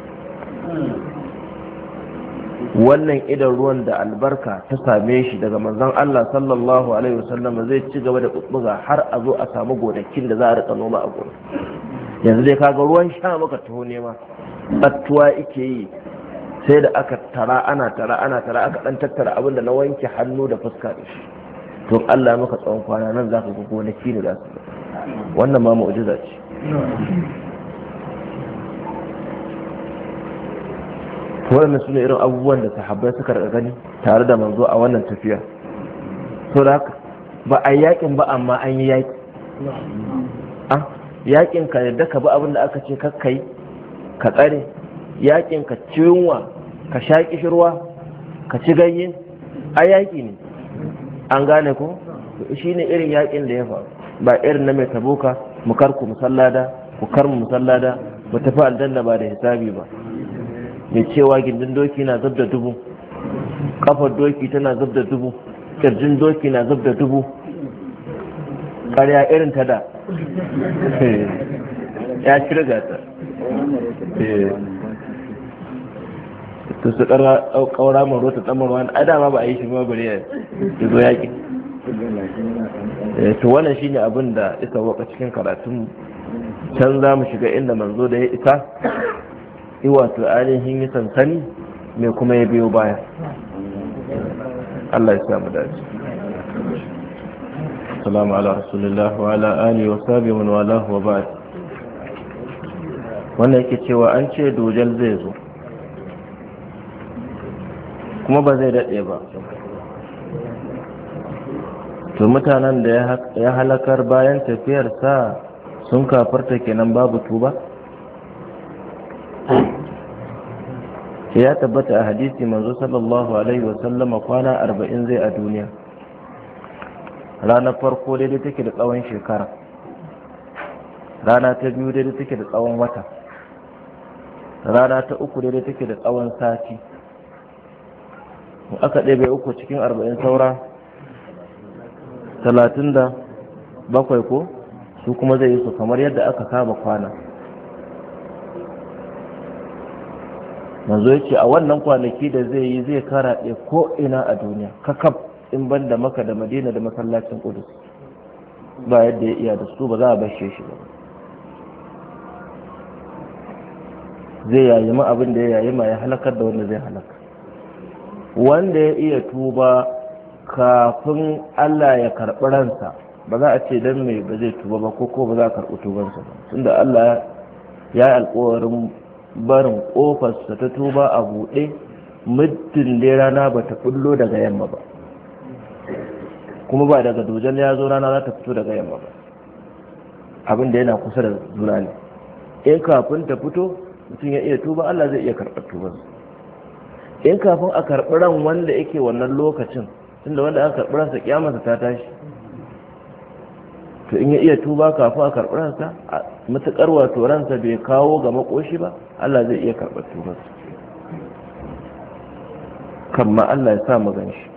wannan idan ruwan da albarka ta same shi daga manzon Allah sallallahu alaihi wasallam zai ci gaba da bubbuga har a zo a samu gonakin da za a rika noma a gurin yanzu dai kaga ruwan sha muka taho nema battuwa ike yi sai da aka tara ana tara ana tara aka dan tattara abin da na wanke hannu da fuska da shi to Allah maka tsawon kwana nan zaka ga gonaki ne za su wannan ma mu'jiza ce wannan su irin abubuwan da sahabbai suka rika gani tare da manzo a wannan tafiya to da haka ba a yakin ba amma an yi yaki ah? yakin ka yadda ka bi abin da aka ce kakkai ka tsare yakin ka ci yunwa ka sha kishirwa ka ci ganye a yaki ne an gane ko shi ne irin yakin da ya faru ba irin na mai taboka mu kar ku musallada ku kar mu musallada mu tafi aljanna ba da hisabi ba mai cewa gindin doki na zub da dubu kafar doki tana zub da dubu kirjin doki na zub da dubu ƙarya irin ta da Eh. ya ci riga eh. to su ƙaura maro ta tsamar wani adama ba a yi shi ma bari ya zo yaƙi eh, to wannan shine abin da isa waka cikin karatun can za mu shiga inda manzo da ya isa iwato ainihin yi sansani mai kuma ya biyo baya Allah ya samu dace والسلام على رسول الله وعلى آله وصحبه من والاه وبعد wannan yake cewa an ce dujal zai zo kuma ba zai daɗe ba to mutanen da ya halakar bayan tafiyarsa sun kenan babu tuba ya tabbata a hadisi manzo sallallahu alaihi wasallama kwana arba'in zai a duniya ranar farko daidai take da tsawon shekara rana ta biyu daidai take da tsawon wata rana ta uku daidai take da tsawon sati aka ɗebe uku cikin arba'in saura talatin da bakwai ko su kuma zai yi su kamar yadda aka kama kwana manzo ya ce a wannan kwanaki da zai yi zai karaɗe ko ina a duniya kakab in ban da maka da madina da masallacin kudus ba yadda ya iya da su ba za a bashe shi ba zai yayi ma abin da ya yayi ma ya halakar da wanda zai halaka wanda ya iya tuba kafin Allah ya karɓi ransa ba za a ce dan mai ba zai tuba ba ko ko ba za a karɓi tubansa ba tunda Allah ya yi alƙawarin barin ƙofarsa ta tuba a buɗe muddin dai rana ba ta kullo daga yamma ba kuma ba daga dojan ya zo rana za ta fito daga yamma ba abin da yana kusa da juna ne in kafin ta fito mutum ya iya tuba Allah zai iya karɓar tubar in kafin a karɓi ran wanda yake wannan lokacin tunda wanda aka karɓi ransa kiyamarsa ta tashi to in ya iya tuba kafin a karɓi ransa matuƙar wato ransa bai kawo ga makoshi ba Allah zai iya karɓar tubarsa Kamma Allah ya sa mu ganshi.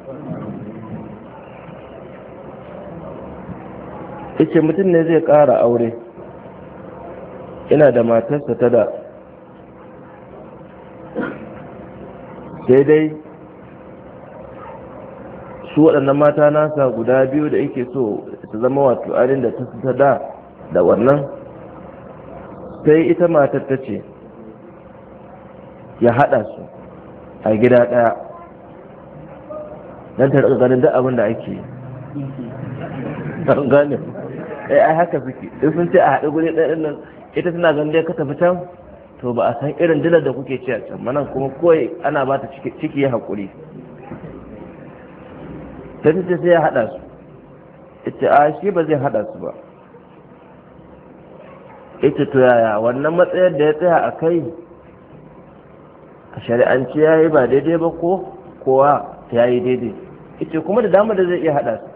yace mutum ne zai ƙara aure ina da matarsa ta da daidai su waɗannan mata nasa guda biyu da yake so ta zama wato arin da ta da da wannan sai ita matar ta ce ya haɗa su a gida ɗaya don ta ganin duk abin da ake yi gane ai eh, ai haka suke in sun ce a haɗu guri ɗaya ɗin nan ita tana ganin dai ka tafi can to ba a san irin dilar da kuke ci a can manan kuma kawai ana ba ta ciki ya haƙuri ta ce sai ya haɗa su ita a shi ba zai haɗa su ba ita to yaya wannan matsayar da ya tsaya a kai a shari'anci ya yi ba daidai ba ko kowa ya yi daidai ita kuma da dama da zai iya haɗa su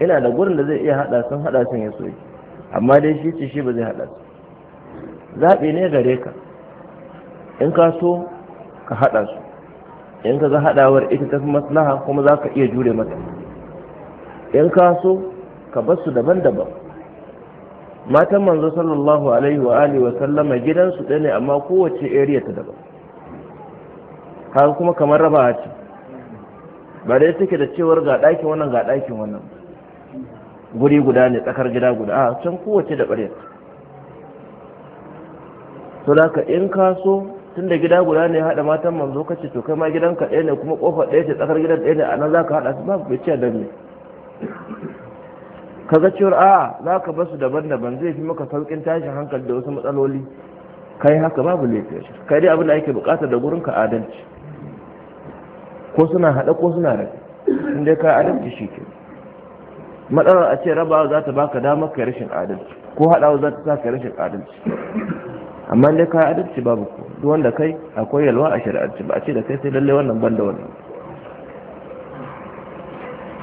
ina da gurin da zai iya haɗa sun haɗa sun ya soyi amma dai shi ce shi ba zai haɗa su zaɓi ne gare ka in ka so ka haɗa su in ka ga haɗawar ita tafi maslaha kuma za ka iya jure mata in ka so ka bar su daban-daban matan manzo sallallahu alaihi wa alihi wa sallama gidansu ɗaya ne amma kowace area ta daban kaga kuma kamar raba ce ba dai take da cewar ga ɗakin wannan ga ɗakin wannan guri guda ne tsakar gida guda a can kowace da ɓarya to da ka in ka so tun da gida guda ne haɗa matan manzo ka ce to kai ma gidanka ɗaya ne kuma ƙofa ɗaya ce tsakar gidan ɗaya ne a nan za ka haɗa su ba bai ce don ne ka ga cewar a za ka ba su daban-daban zai fi maka sauƙin tashin hankali da wasu matsaloli kai haka babu Ka kai dai abin da ake buƙatar da gurin ka adalci ko suna haɗa ko suna rafi in dai ka adalci shi ke matsalar a ce rabawa za ta baka damar kai rashin adalci ko haɗawa za ta sa kai rashin adalci amma dai ka adalci babu ku. duk wanda kai akwai yalwa a shari'arci ba a ce da kai sai lalle wannan banda wannan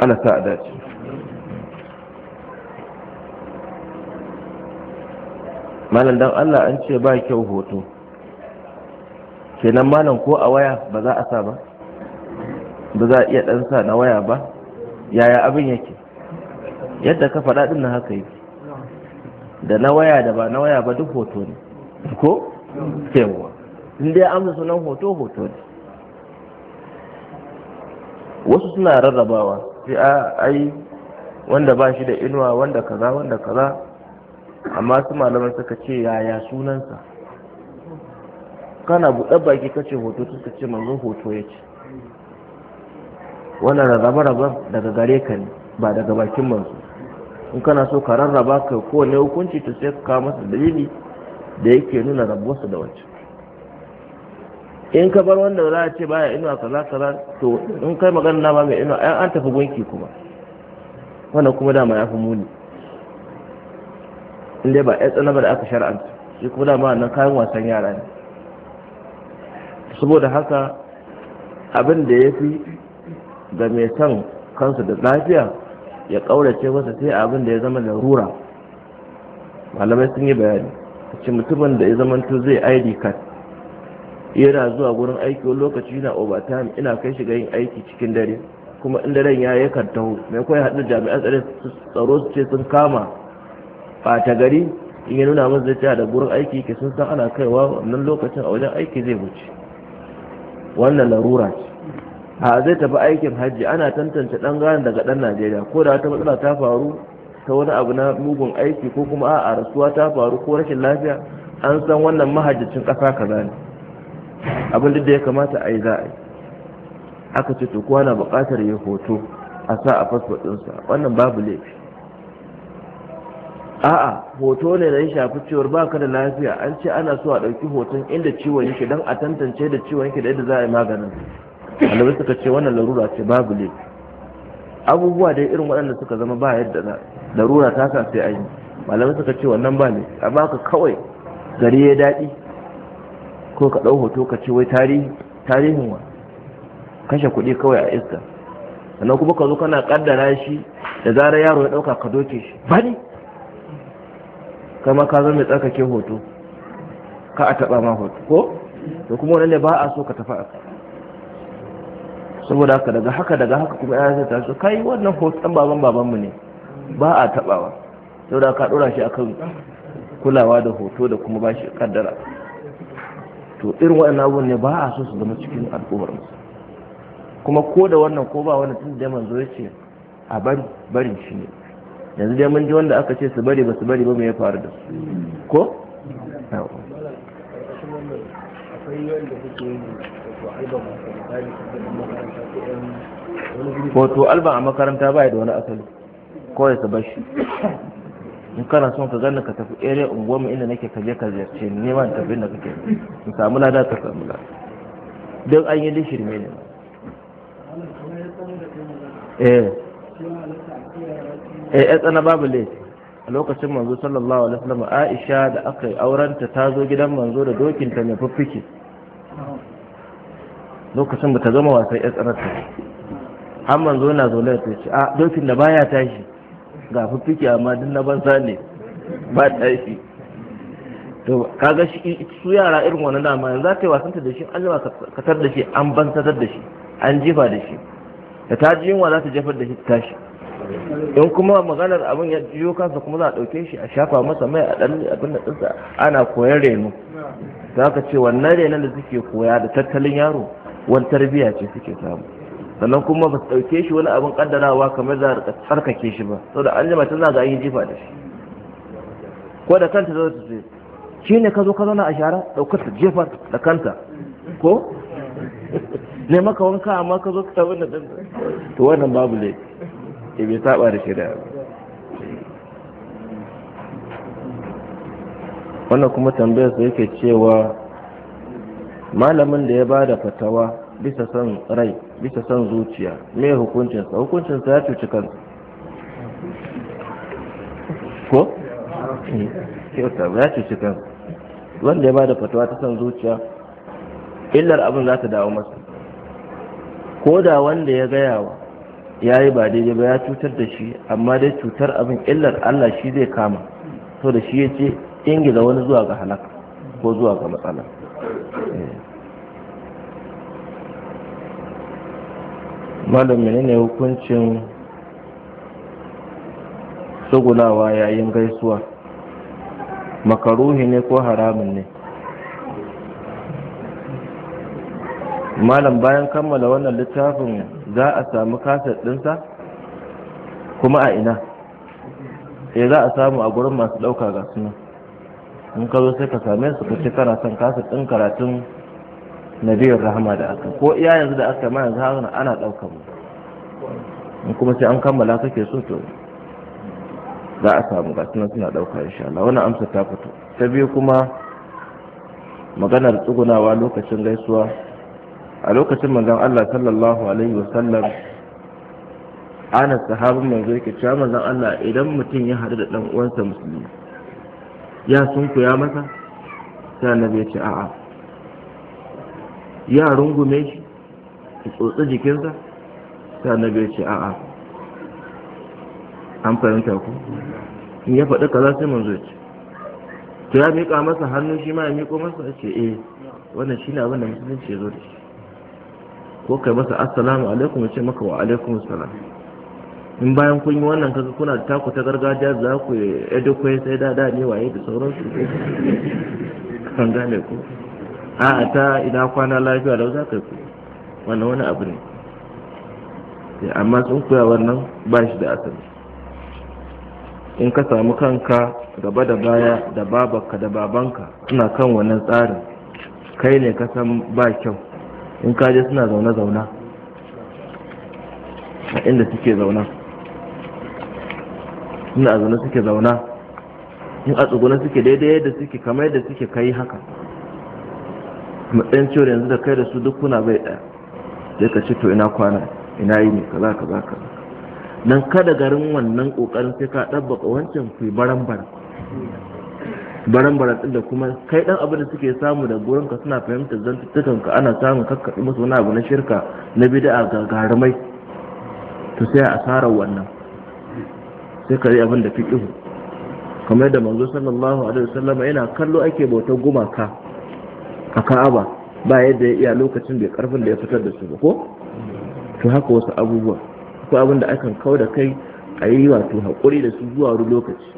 ana sa adalci malam dan Allah an ce ba kyau hoto kenan malam ko a waya ba za a sa ba ba za a iya dan sa na waya ba yaya abin yake yadda ka faɗa ɗin na haka yake da na waya da ba na waya ba duk hoto ne ko kewa? in dai amsa sunan hoto hoto ne wasu suna rarrabawa sai a ai wanda ba shi da inuwa wanda kaza wanda kaza amma su malaman suka ce yaya sunansa kana buɗe baki kace hoto suka ce manzon hoto ya ce wannan rarraba-rabar daga gare ka ne ba daga bakin manzon in kana so ka rarraba ka kowane hukunci to sai ka kawo masa dalili da yake nuna rabuwarsa da wancan in ka bar wanda za a ce baya inuwa kaza kaza to in kai magana na ba mai inuwa an tafi gunki kuma wannan kuma dama ya fi muni in dai ba ya tsana ba da aka shar'anta shi kuma dama wannan kayan wasan yara ne saboda haka abin da ya fi ga mai son kansu da lafiya ya ƙaurace masa sai abin da ya zama larura malamai sun yi bayani a ce mutumin da ya zama to zai id card yana zuwa gurin aiki wani lokaci na overtime ina kai shiga yin aiki cikin dare kuma inda ran ya yi taho mai kwai haɗu jami'an tsaro su ce sun kama ɓata gari in ya nuna masu zai da gurin aiki ke sun san ana kaiwa wannan lokacin a wajen aiki zai wuce wannan larura ce a zai tafi aikin hajji ana tantance dan gane daga dan najeriya ko da wata matsala ta faru ta wani abu na mugun aiki ko kuma a rasuwa ta faru ko rashin lafiya an san wannan mahajjacin kasa kaza ne abin duk da ya kamata a yi za a yi aka ce to na bukatar ya hoto a sa a ɗinsa. wannan babu laifi a'a hoto ne da shafi cewar ba ka da lafiya an ce ana so a ɗauki hoton inda ciwon yake don a tantance da ciwon yake da yadda za a yi maganin malamai suka ce wannan larura ce babu ne abubuwa dai irin waɗanda suka zama ba yadda na larura ta sa sai an yi malamai suka ce wannan ba ne a baka kawai gari ya daɗi ko ka ɗau hoto ka ce wai tarihi tarihin wa kashe kuɗi kawai a iska sannan kuma ka zo kana ƙaddara shi da zarar yaro ya ɗauka ka doke shi ba ne kama ka zama mai tsarkake hoto ka a taɓa ma hoto ko da kuma wani ne ba a so ka tafi a kai saboda haka daga haka daga haka kuma ya zai taso kai wannan hoton baban baban mu ne ba a tabawa saboda haka dora shi akan kulawa da hoto da kuma bashi kaddara to irin waɗannan abubuwan ne ba a so su zama cikin al'ummar kuma ko da wannan ko ba wannan tun da manzo yace a bari barin shi ne yanzu dai mun ji wanda aka ce su bari ba su bari ba me ya faru da su ko akwai wato alban a makaranta ba da wani asali ko ya bar shi in kana son ka zanna ka tafi area unguwarmu inda nake ka je ka ziyarce ni neman bin da kake in samu lada ka samu lada duk an yi lishir me ne eh eh tsana babu laifi a lokacin manzo sallallahu alaihi wasallam Aisha da aka yi aurenta ta zo gidan manzo da dokin ta mai fiffike lokacin ba ta zama wasan ya tsararta an zo na zo ta ce a dokin da baya tashi ga fiffike amma duk na banza ne ba tashi to kaga shi su yara irin wani dama yanzu za ta yi wasanta da shi an zama katar da shi an tatar da shi an jifa da shi da ta ji yunwa za ta jefar da shi ta tashi in kuma maganar abin ya jiyo kansa kuma za a ɗauke shi a shafa masa mai a ɗan abin da ɗinsa ana koyar reno za ka ce wannan renon da suke koya da tattalin yaro wani tarbiyya ce suke samu sannan kuma ba su ɗauke shi wani abin ƙaddarawa kamar da tsarkake shi ba da an jima tana ga yi jifa da shi ko da kanta zai ce shi ne ka zo ka zauna a shara ɗaukar ta jefa da kanta ko ne maka wanka amma ka zo ka tabi da ɗan to wannan babu ne eh, ke bai saba da shari'a wannan kuma tambayar sa yake cewa malamin da ya bada fatawa bisa son rai bisa son zuciya me hukuncinsa hukuncinsa ya cuci kansa ko ya cuci kansa wanda ya bada fatawa ta son zuciya illar abin za ta dawo masa ko da wanda ya gaya wa ya yi ba daidai ba ya cutar da shi amma dai cutar abin illar allah shi zai kama to da shi ya ce ingiza wani zuwa ga halaka ko zuwa ga matsala malam ne hukuncin tsugulawa yayin gaisuwa makaruhi ne ko haramun ne malam bayan kammala wannan littafin za a samu kasar dinsa kuma a ina eh za a samu a gurin masu ɗauka ga suna in ka zo sai ka same su ka ce kana son kasar ɗin karatun nabiyar rahama da aka ko iya yanzu da aka ma yanzu hana ana ɗaukar mu in kuma sai an kammala kake so to za a samu ga suna suna ɗauka insha Allah wannan amsa ta fito ta biyu kuma maganar tsugunawa lokacin gaisuwa a lokacin manzon Allah sallallahu alaihi wasallam ana sahabin manzo yake cewa manzon Allah idan mutum ya haɗu da ɗan uwansa musulmi ya sunkuya masa sai annabi ya ce a'a ya rungume shi ki tsotsi jikinsa ta na ya ce a'a an fahimta ku in ya faɗi kaza sai mun zo ce to ya miƙa masa hannu shi ma ya miƙo masa ce eh wannan shi ne abin da musulunci ya zo da shi ko kai masa assalamu alaikum ya ce maka wa alaikum salam in bayan kun yi wannan kaga kuna da taku ta gargajiya za ku edukwai sai da da ne waye da sauransu kan gane ku a ta idan kwana lafiya da za ka yi wannan wani abu ne eh, amma sun kuya wannan ba shi da asali in ka samu kanka gaba da baya da babanka da babanka suna kan wannan tsarin kai ne ka san ba kyau in ka je suna zaune-zaune a inda suke zauna suna zaune suke zauna in a tsuguna suke daidai yadda suke kamar yadda suke kai haka matsayin cewar yanzu da kai da su duk kuna bai ɗaya sai ka ce to ina kwana ina yi ne ka za ka za ka. nan kada garin wannan ƙoƙarin sai ka ɗabba wancan ku baran baran baran baran da kuma kai ɗan abin da suke samu da gurin ka suna fahimtar zantuttukan ka ana samun kakkaɗi musu wani abu na shirka na bid'a ga garumai to sai a asarar wannan sai ka yi abin da fiqihu kamar da manzo sallallahu alaihi wasallam yana kallo ake bautar gumaka a ka'aba ba yadda ya iya lokacin bai karfin da ya fitar da su ba ko to haka wasu abubuwa ko abin da akan kawo da kai a yi wato haƙuri da su zuwa wani lokaci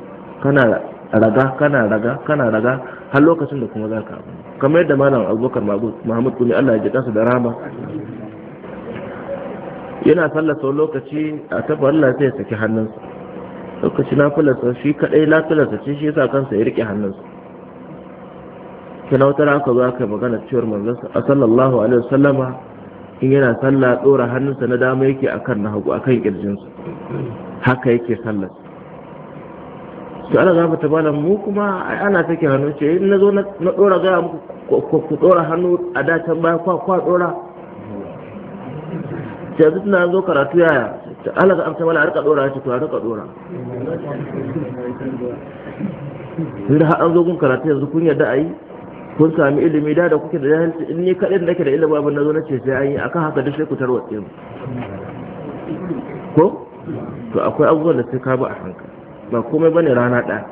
kana raga kana raga kana raga har lokacin da kuma za ka abu kamar yadda malam abubakar mahmud ne, allah ya ji su da rama yana sallasa lokaci a tabar allah sai ya saki hannunsa lokaci na fulasa shi kaɗai na fulasa ce shi yasa kansa ya riƙe hannunsa sana wata aka zo aka magana cewar manzon sallallahu alaihi wasallama in yana sallah dora hannunsa na dama yake akan na hagu akan kirjinsa haka yake sallar su ana zafa ta bala mu kuma ana take hannu ce in na zo na dora gaya muku ku dora hannu a datan baya kwa kwa dora ta yanzu na zo karatu yaya ta ala ga amsa bala a rika dora ce to a rika dora sun da har an zo gun karatu yanzu kun yarda a yi kun sami ilimi da da kuke da jahilci in ni kadai da nake da ilimi abin na zo na ce sai an yi akan haka duk sai ku tarwatse mu ko to akwai abubuwan da sai ka ba a hankali ba komai bane rana ɗaya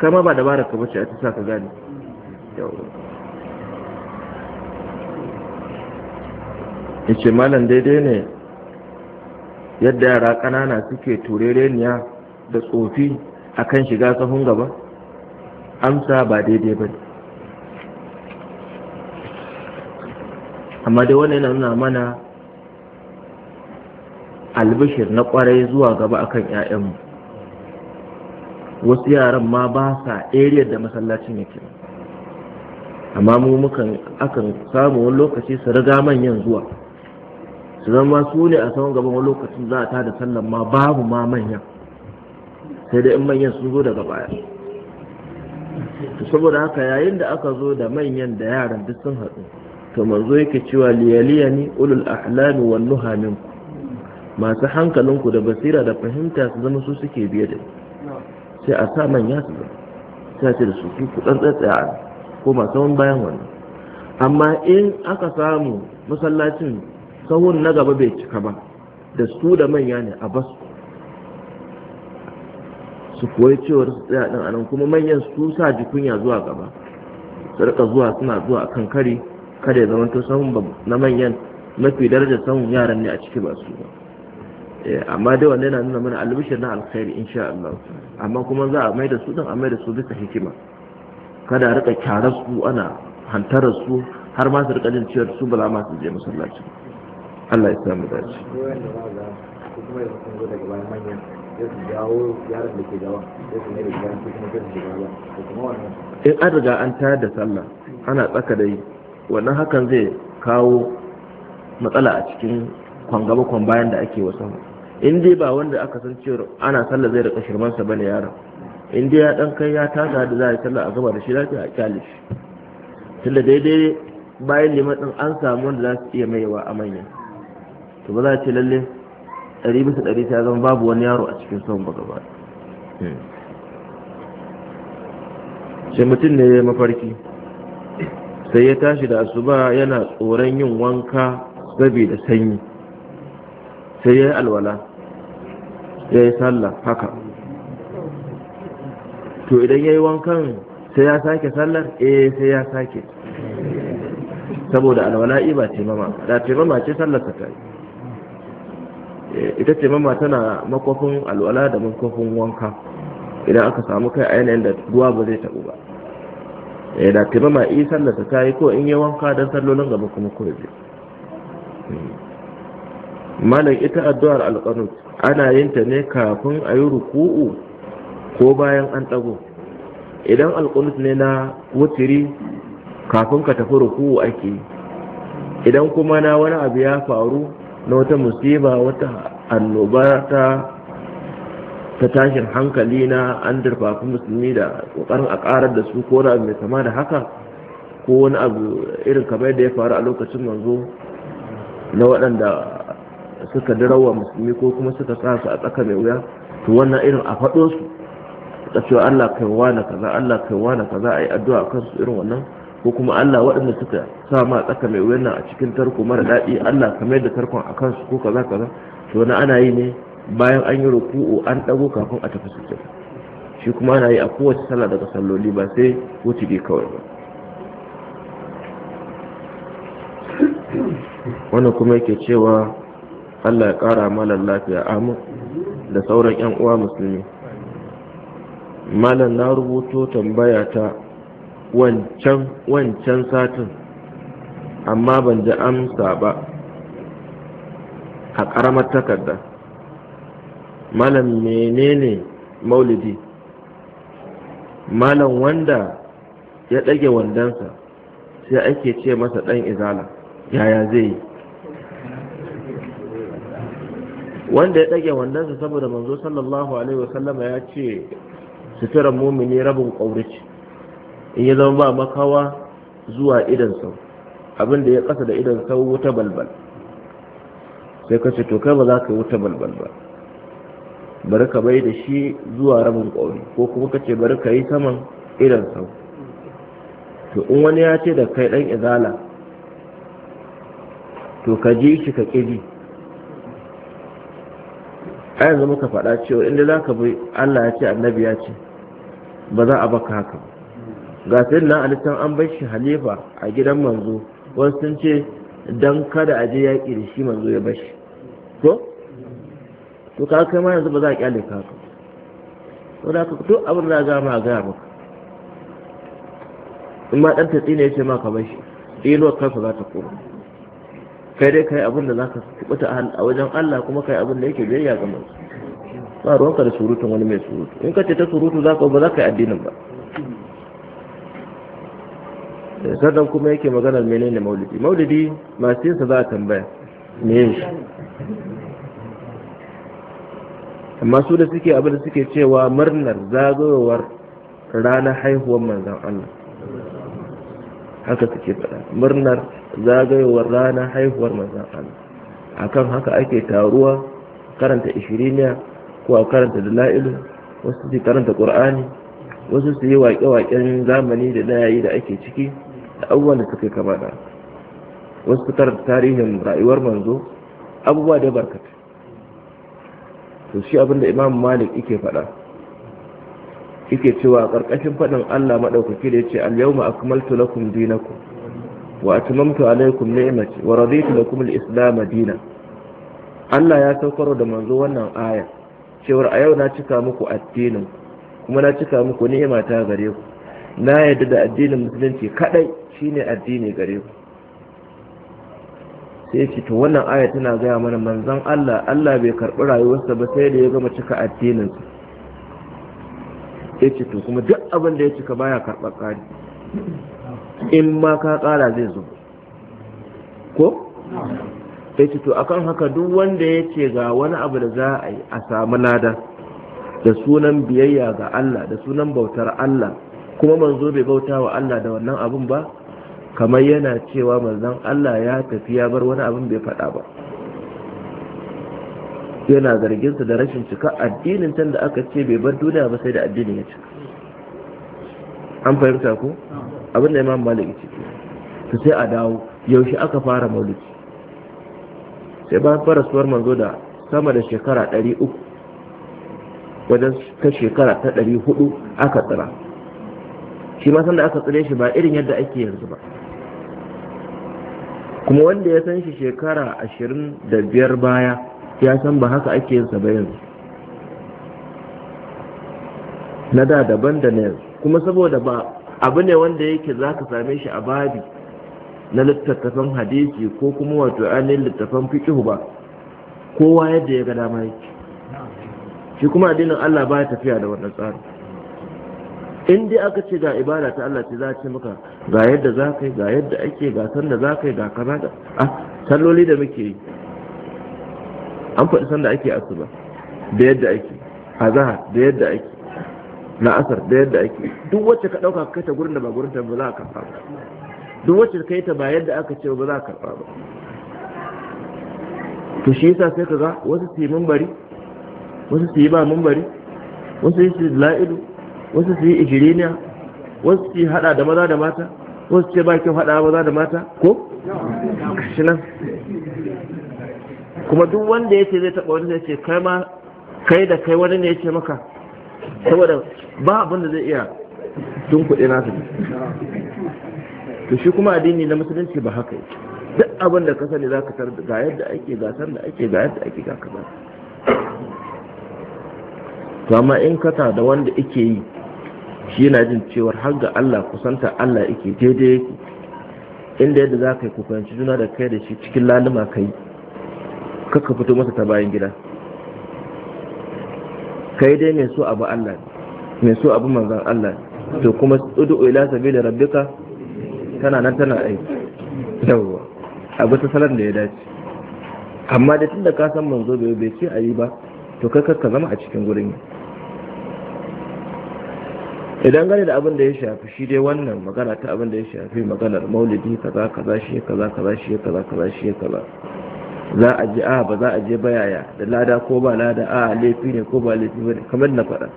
kama ba da ka bace a ta sa ka gane ce malam daidai ne yadda yara ƙanana suke turereniya da tsofi akan shiga sahun gaba amsa ba daidai ba ne amma dai wannan yana nuna mana albishir na kwarai zuwa gaba akan 'ya'yanmu wasu yaran ma ba sa eriyar da masallacin yake amma mu mukan akan samu wani lokaci su riga manyan zuwa su zama su ne a saman gaban wani lokacin za a da sallan ma babu ma manyan sai dai in manyan sun zo daga baya saboda haka yayin da aka zo da manyan da yaran duk sun haɗu to manzo yake cewa liyaliya ni ulul ahlam wal nuha minku masu hankalinku da basira da fahimta su zama su suke biye da sai a sa manya su zama sai ce da su su ku tsatsatsaya ko masu wani bayan wannan amma in aka samu masallacin sahun na gaba bai cika ba da su da manya ne a basu su koyi cewar su tsaya din anan kuma manyan su sa jikunya zuwa gaba su zuwa suna zuwa kan kare kada ya zama to ba na manyan mafi daraja samun yaran ne a ciki ba su ba eh, amma dai wanda yana nuna mana albishir na alkhairi insha Allah amma kuma za a mai da su dan a mai da su bisa hikima kada a rika kyarar su ana hantarar su har ma su rika jin cewa su ba za ma su je masallaci Allah ya samu dace in eh, an riga an tayar da sallah ana tsaka da yi wannan hakan zai kawo matsala a cikin kwangaba bayan da ake wasan in dai ba wanda aka san cewa ana salla zai rika shirmansa bane yaron in dai ya dan kai ya tada da za a yi a gaba da shi lafiya a kyale shi tunda daidai bayan limatin an samu wanda za su iya maiwa a manya to ba za ce lalle ɗari bisa ɗari ta zama babu wani yaro a cikin son ba gaba hmm. sai mutum ne ya mafarki sai ya tashi da asuba yana tsoron yin wanka saboda sanyi sai ya yi alwala ya yi sallah haka to idan ya yi wankan sai ya sake sallar eh sai ya sake saboda alwala'i ba taimama da taimama ce sallar ta yi ita taimama tana makwafin alwala da makwafin wanka idan aka samu kai a yanayin da ruwa ba zai taɓu ba ya eh, da taimama isa da ta tayi ko in yi wanka don sallolin gaba kuma kurbi. biyu hmm. malam ita addu'ar alqanut ana yin ta ne kafin a yi ruku'u ko bayan an ɗago idan alqanut ne na wutiri kafin ka tafi ruku'u ake yi idan kuma na wani abu ya faru na wata musiba wata annoba ta ta tashin hankali na an durfafi musulmi da kokarin a karar da su ko da mai sama da haka ko wani abu irin kamar da ya faru a lokacin manzo na waɗanda suka dirawa musulmi ko kuma suka sa su a tsaka mai wuya to wannan irin a faɗo su ta cewa Allah kai wani kaza Allah kai wani kaza a yi addu'a kan su irin wannan ko kuma Allah waɗanda suka sa ma tsaka mai wuya a cikin tarko mara daɗi Allah kamar da tarkon a kansu ko kaza kaza to wani ana yi ne bayan an yi ruku'u an dago kafin a tafi sujjada shi kuma ana yi a kowace sallah daga salloli ba sai wuturi kawai ba wannan kuma yake cewa Allah ya kara malan lafiya amin da sauran yan uwa musulmi malan na rubuto tambaya ta wancan wancan satin amma ban ji amsa ba a karamar takarda malam menene maulidi malam wanda ya ɗage wandonsa sai ake ce masa ɗan izala yaya zai yi wanda ya ɗage wandonsa saboda manzo sallallahu alaihi wasallama ya ce suturar mumini rabin ƙaurici in ya zama ba makawa zuwa idan sau abin da ya kasa da idan sau wuta balbal sai ka to kai ba za ka yi wuta balbal ba bari ka bai da shi zuwa rabin ƙauri ko kuma ka ce bari ka yi saman irin sau to in wani ya ce da kai dan izala to ka ji shi ka ƙiri a yanzu muka faɗa cewa inda za ka bi allah ya ce annabi ya ce ba za a baka haka ga sai na alitan an bai shi halifa a gidan manzo wasu sun ce don kada a je yaƙi da shi manzo ya bashi ko to ka kai ma yanzu ba za a kyale ka ka to da ka to abin da ga ma ga maka in ma dan tatsi ne yace ma ka bar shi dinuwar kansa za ta koma kai dai kai abin da za ka kubuta a wajen Allah kuma kai abin da yake biyayya ga manzo ba ka da surutun wani mai surutu in ka ce ta surutu za ka ba za ka yi addinin ba sannan kuma yake maganar menene maulidi maulidi masu yinsa za a tambaya me yin shi amma su da suke abin da suke cewa murnar zagayowar ranar haihuwar manzan Allah haka suke faɗa murnar zagayowar ranar haihuwar manzan Allah akan haka ake taruwa karanta ishiriniya ko a karanta la'ilu wasu su karanta qur'ani wasu su yi waƙe-waƙen zamani da yayi da ake ciki da abubuwan da suke kama da wasu karanta tarihin rayuwar manzo abubuwa da barkata to shi abinda imam malik yake faɗa yake cewa karkashin faɗin allah maɗaukaki da yace al-yawma akmaltu lakum dinakum wa atmamtu alaykum ni'mati wa raditu lakum al-islam dinan allah ya saukar da manzo wannan aya cewa a yau na cika muku addinin kuma na cika muku ni'mata gare ku na yadda da addinin musulunci kadai shine addini gare ku sai ce to wannan aya tana gaya mana manzon Allah Allah bai karɓi rayuwarsa ba sai da ya gama cika addininsa sai ce to kuma duk abin da ya cika baya karɓar ƙari in ma ka ƙara zai zo ko sai ce to akan haka duk wanda ya ce ga wani abu da za a yi a samu lada da sunan biyayya ga Allah da sunan bautar Allah kuma manzo bai bauta wa Allah da wannan abun ba kamar yana cewa manzon Allah ya tafi ya bar wani abin bai faɗa ba yana zargin su da rashin cika addinin can aka ce bai bar duniya ba sai da addinin ya cika an fahimta ko abin da imam malik ce to sai a dawo yaushe aka fara maulidi sai bayan fara suwar manzo da sama da shekara 300 wajen ta shekara ta 400 aka tsira shi ma sanda aka tsire shi ba irin yadda ake yanzu ba kuma wanda ya san shi shekara ashirin da biyar baya ya san ba haka ake yin ba yanzu na da daban da na kuma saboda ba abu ne wanda yake za ka same shi a babi na littattafan hadisi ko kuma wato ainihin littattafan fikihu ba kowa yadda ya ga dama yake shi kuma addinin Allah ba ya tafiya da wannan tsari in dai aka ce ga ibada ta Allah ce za a ce maka ga yadda za ka yi ga yadda ake ga sanda za ka yi ga kaza da a ah, salloli da muke yi an faɗi sanda ake asuba da yadda ake azahar da yadda ake la'asar da yadda ake duk wacce ka ɗauka kai ta gurin da ba gurin ta ba za a karɓa ba duk wacce ka yi ta ba yadda aka ce ba za a karɓa ba to shi yasa sai ka ga wasu su yi mambari wasu su yi ba mambari wasu su yi la'ilu wasu su yi ishiriniya wasu su hada da maza da mata wasu ce kyau hada maza da mata ko shi nan kuma duk wanda ya ce zai taɓa wani zai ce kai ma kai da kai wani ne ya ce maka saboda ba abin da zai iya tun kuɗi su to shi kuma addini na musulunci ba haka duk abin da ka sani za ka tarar ga yadda ake gasar da ake ga yadda ake ga kaza to amma in kata da wanda ake yi shi yana jin cewar har ga Allah kusanta Allah yake daidai yake inda yadda za ka yi kufanci juna da kai da shi cikin laluma kai kaka fito masa ta bayan gida kai dai mai so abu Allah mai so abu manzan Allah to kuma udu ila da rabbika tana nan tana aiki yawwa abu ta salar da ya dace amma da tunda ka san manzo bai bai ce ayi ba to kai ka zama a cikin gurin idan gane da abin da ya shafi shi dai wannan magana ta abin da ya shafi maganar maulidi kaza kaza shi kaza kaza shi kaza kaza shi kaza za a je a ba za a je ba yaya da lada ko ba lada a laifi ne ko ba laifi ne kamar na faɗa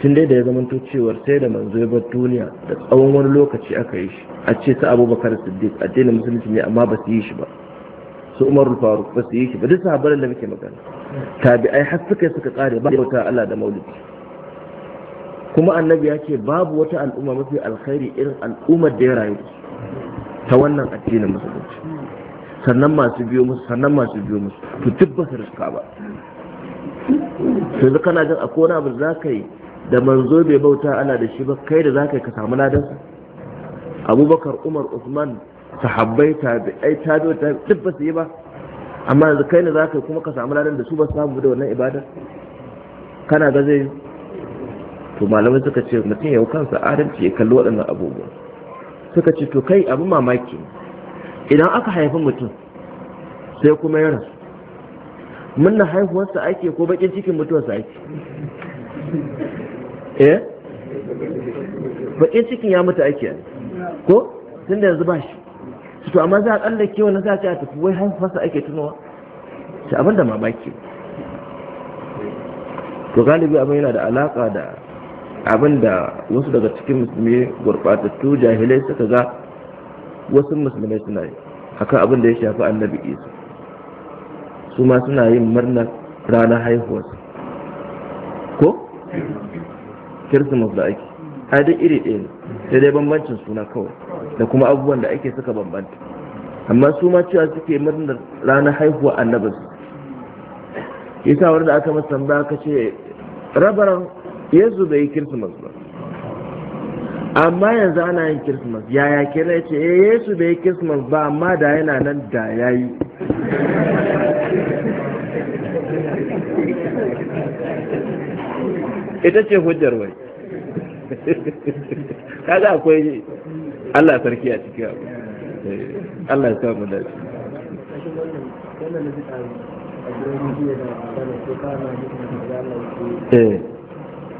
tun dai da ya zama cewar sai da manzo ya bar duniya da tsawon wani lokaci aka yi shi a ce su abubakar siddiq addinin musulunci ne amma ba su yi shi ba su umar faruk ba su yi shi ba duk sahabbaran da muke magana tabi'ai har suka suka kare ba bauta Allah da maulidi kuma annabi ya ce babu wata al'umma mafi alkhairi irin al'ummar da ya rayu ta wannan addinin musulunci sannan masu biyo musu sannan masu biyo musu to duk ba su riska ba yanzu kana jin akwai wani abu za ka yi da manzo bai bauta ana da shi ba kai da za yi ka samu ladan abubakar umar usman sahabbai ai ta duk ta su yi ba amma yanzu kai ne za ka yi kuma ka samu ladan da su ba su samu da wannan ibada kana ga zai to malamai suka ce mutum ya kansa adalci ya kalli waɗannan abubuwa suka ce to kai abin mamaki idan aka haifi mutum sai kuma ya rasu munna haihuwarsa ake ko bakin cikin mutuwarsa ake eh bakin cikin ya mutu ake ko tun da yanzu ba shi to amma za a kalla kewa na za a tafi wai haihuwarsa ake tunawa? ta abin da mamaki to galibi abin yana da alaka da Abin da wasu daga cikin musulmi gurbatattu jahilai suka ga wasu musulmai suna yi haka abin da ya shafi annabi isa su ma suna yin murnar ranar haihuwarsa ko kirsimus da ake a duk iri ɗaya ne sai dai bambancin suna kawai da kuma abubuwan da ake suka bambanta amma su ma cewa suke murnar ranar haihuwa annabinsu yasa wanda aka masa ba ka ce rabaran yesu bai yi kirsimas ba amma yanzu ana yin kirsimas yaya kira ya ce eh, yesu bai yi kirsimas ba amma da yana nan da ya yi ita ce hujjar wai kaga akwai allah sarki a cikin abu eh, allah ya samu da shi eh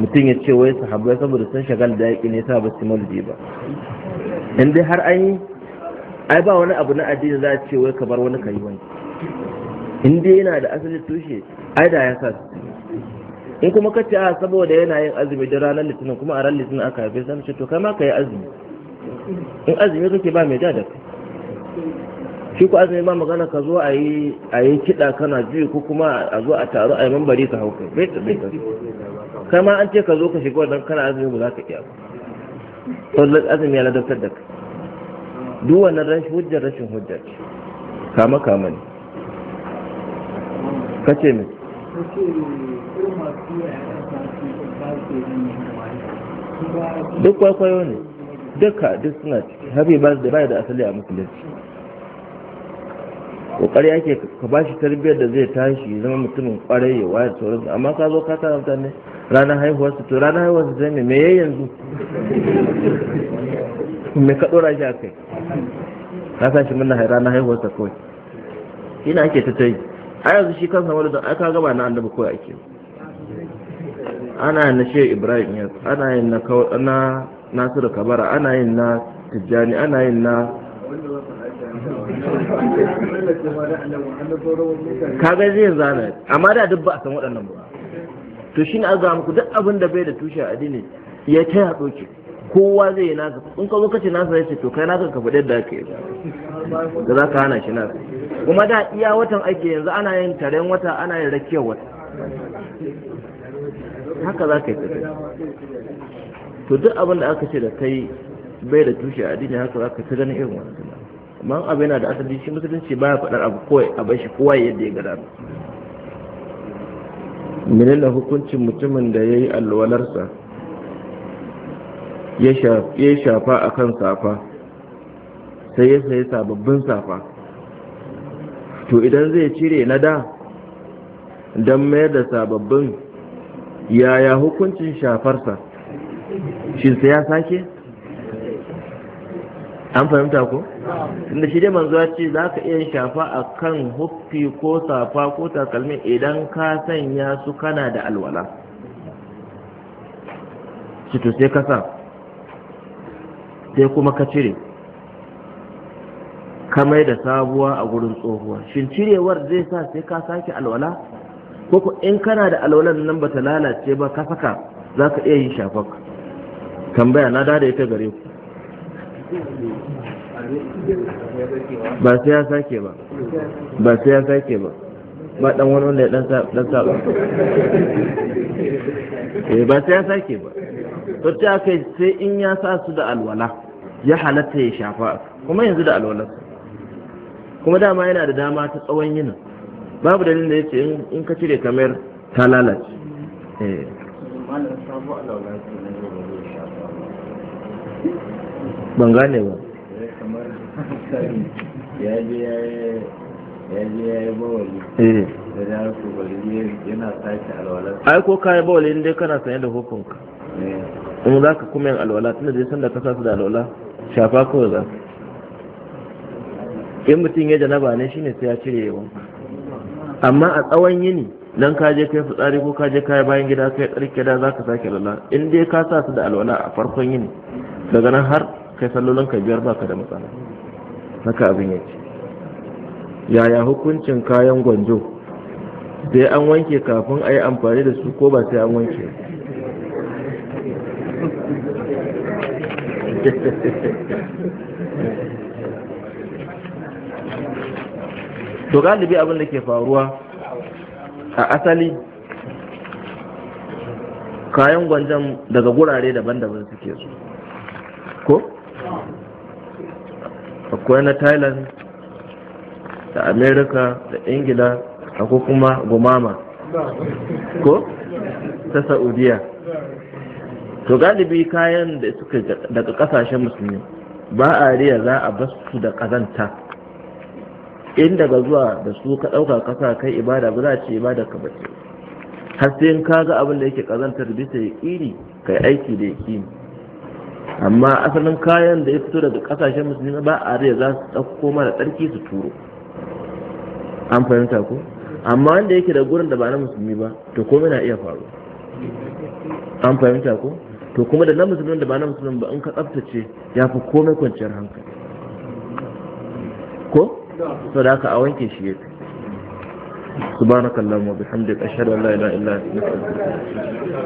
mutum ya ce wai sahabbai saboda sun shagal da yaƙi ne sa ba su maulidi ba in dai har an yi ai ba wani abu na addini za a ce wai kamar wani kayi wani in dai yana da asali tushe ai da ya sa in kuma ka ce a ah, saboda yana yin azumi da ranar litinin kuma a ran litinin aka haife sai ce to kai ma ka yi azumi in azumi kake ba mai da kai shi ku azumi ba magana ka zo a yi kiɗa kana juyi ko kuma a zo a taro a yi mambari ka hau kai bai bai kai ma an ce ka zo ka shiga wannan kana azumi ba za ka iya ba azumi ya ladabtar da ka duk wannan rashin hujjar rashin hujjar kama kama ne ka ce mai duk kwaikwayo ne duka duk suna ciki ba da bai da asali a musulunci kokari ake ka bashi tarbiyyar da zai tashi zama mutumin kwarai ya wayar sauransu amma ka zo ka tara mutane ranar haihuwarsa to ranar haihuwarsa zai me me yanzu me ka dora shi a kai Na sa shi murna ranar haihuwarsa kawai ina ake ta yi. a yanzu shi kansa wani don aka gaba na annabi kawai ake ana yin na ibrahim yanzu ana yin na na nasiru kabara ana yin na tijjani ana yin na kaga zai zana amma da duk ba a san waɗannan ba to shi ne aga ku duk abin da bai da tushe a addini ya ta ya ɗauke kowa zai yi nasa in ka zo ka nasa ya ce to kai nasa ka faɗi da aka yi da za ka hana shi nasa kuma da iya watan ake yanzu ana yin taren wata ana yin rakiyar wata haka za ka yi tafiya to duk abin da aka ce da kai bai da tushe a addini haka za ka ta ganin irin wannan amma abin yana da asali shi musulunci baya faɗar abu kawai a bai shi kowa yadda ya gada menene hukuncin mutumin da ya yi alwalarsa ya shafa a kan safa sai ya sayi sababbin safa to idan zai cire na da don mayar da sababbin yaya hukuncin shafarsa shi sai ya sake an fahimta ko? inda shi dai manzo ce za ka iya shafa a kan huffi ko safa ko takalmi idan ka sanya su kana da alwala shi sai ka sa sai kuma ka cire ka mai da sabuwa a gurin tsohuwa shin cirewar zai sa sai ka sake alwala ko ku in kana da alwalan nan ba ta lalace ba ka saka za ka iya yin shafak tambaya na da ita gare ku ba sai ya sake ba ba sai ya sake ba ba dan wani wanda ya dan dan saba eh ba sai ya sake ba to ta kai sai in ya sa su da alwala ya halatta ya shafa kuma yanzu da alwala kuma dama yana da dama ta tsawon yin babu dalilin da yace in ka cire kamar ta lalace eh ban gane ba Eh. ya je ya yi bawali da su bari yana ai ko kayi bawali in dai kana sanye da hukunka eh. in za ka kuma yin alwala tunda dai sanda ka su da alwala shafa ko za in mutum ya janaba ne shine sai ya cire yawan amma a tsawon yini dan ka je kai fitsari ko ka je kai bayan gida kai tsarki da zaka sake alwala in dai ka sa su da alwala a farkon yini daga nan har kai sallolin ka biyar baka da matsala haka abin yake yaya hukuncin kayan gwanjo sai an wanke kafin a yi amfani da su ko ba sai an wanke to galibi abin da ke faruwa a asali kayan gwanjon daga gurare daban-daban suke su ko akwai na thailand da america da ingila akwai kuma gumama ko ta saudiya to galibi kayan da suka daga kasashen musulmi ba a riya za a basu da kazanta in daga zuwa da su ka ɗauka kasa kai ibada ba za ce ibada ka bace har sai in ka ga abin da yake kazantar bisa ya kiri kai aiki da ya amma asalin kayan da ya fito daga kasashen musulmi ba a rai za su ɗauko mana tsarki su turo an fahimta ko amma wanda yake da gurin da ba na musulmi ba to komai na iya faru an fahimta ko to kuma da na musulmin da ba na musulmin ba in ka tsaftace ya fi komai kwanciyar hankali ko sau da aka a wanke shi ya fi subhanakallahumma bihamdika ashhadu an la ilaha illa anta astaghfiruka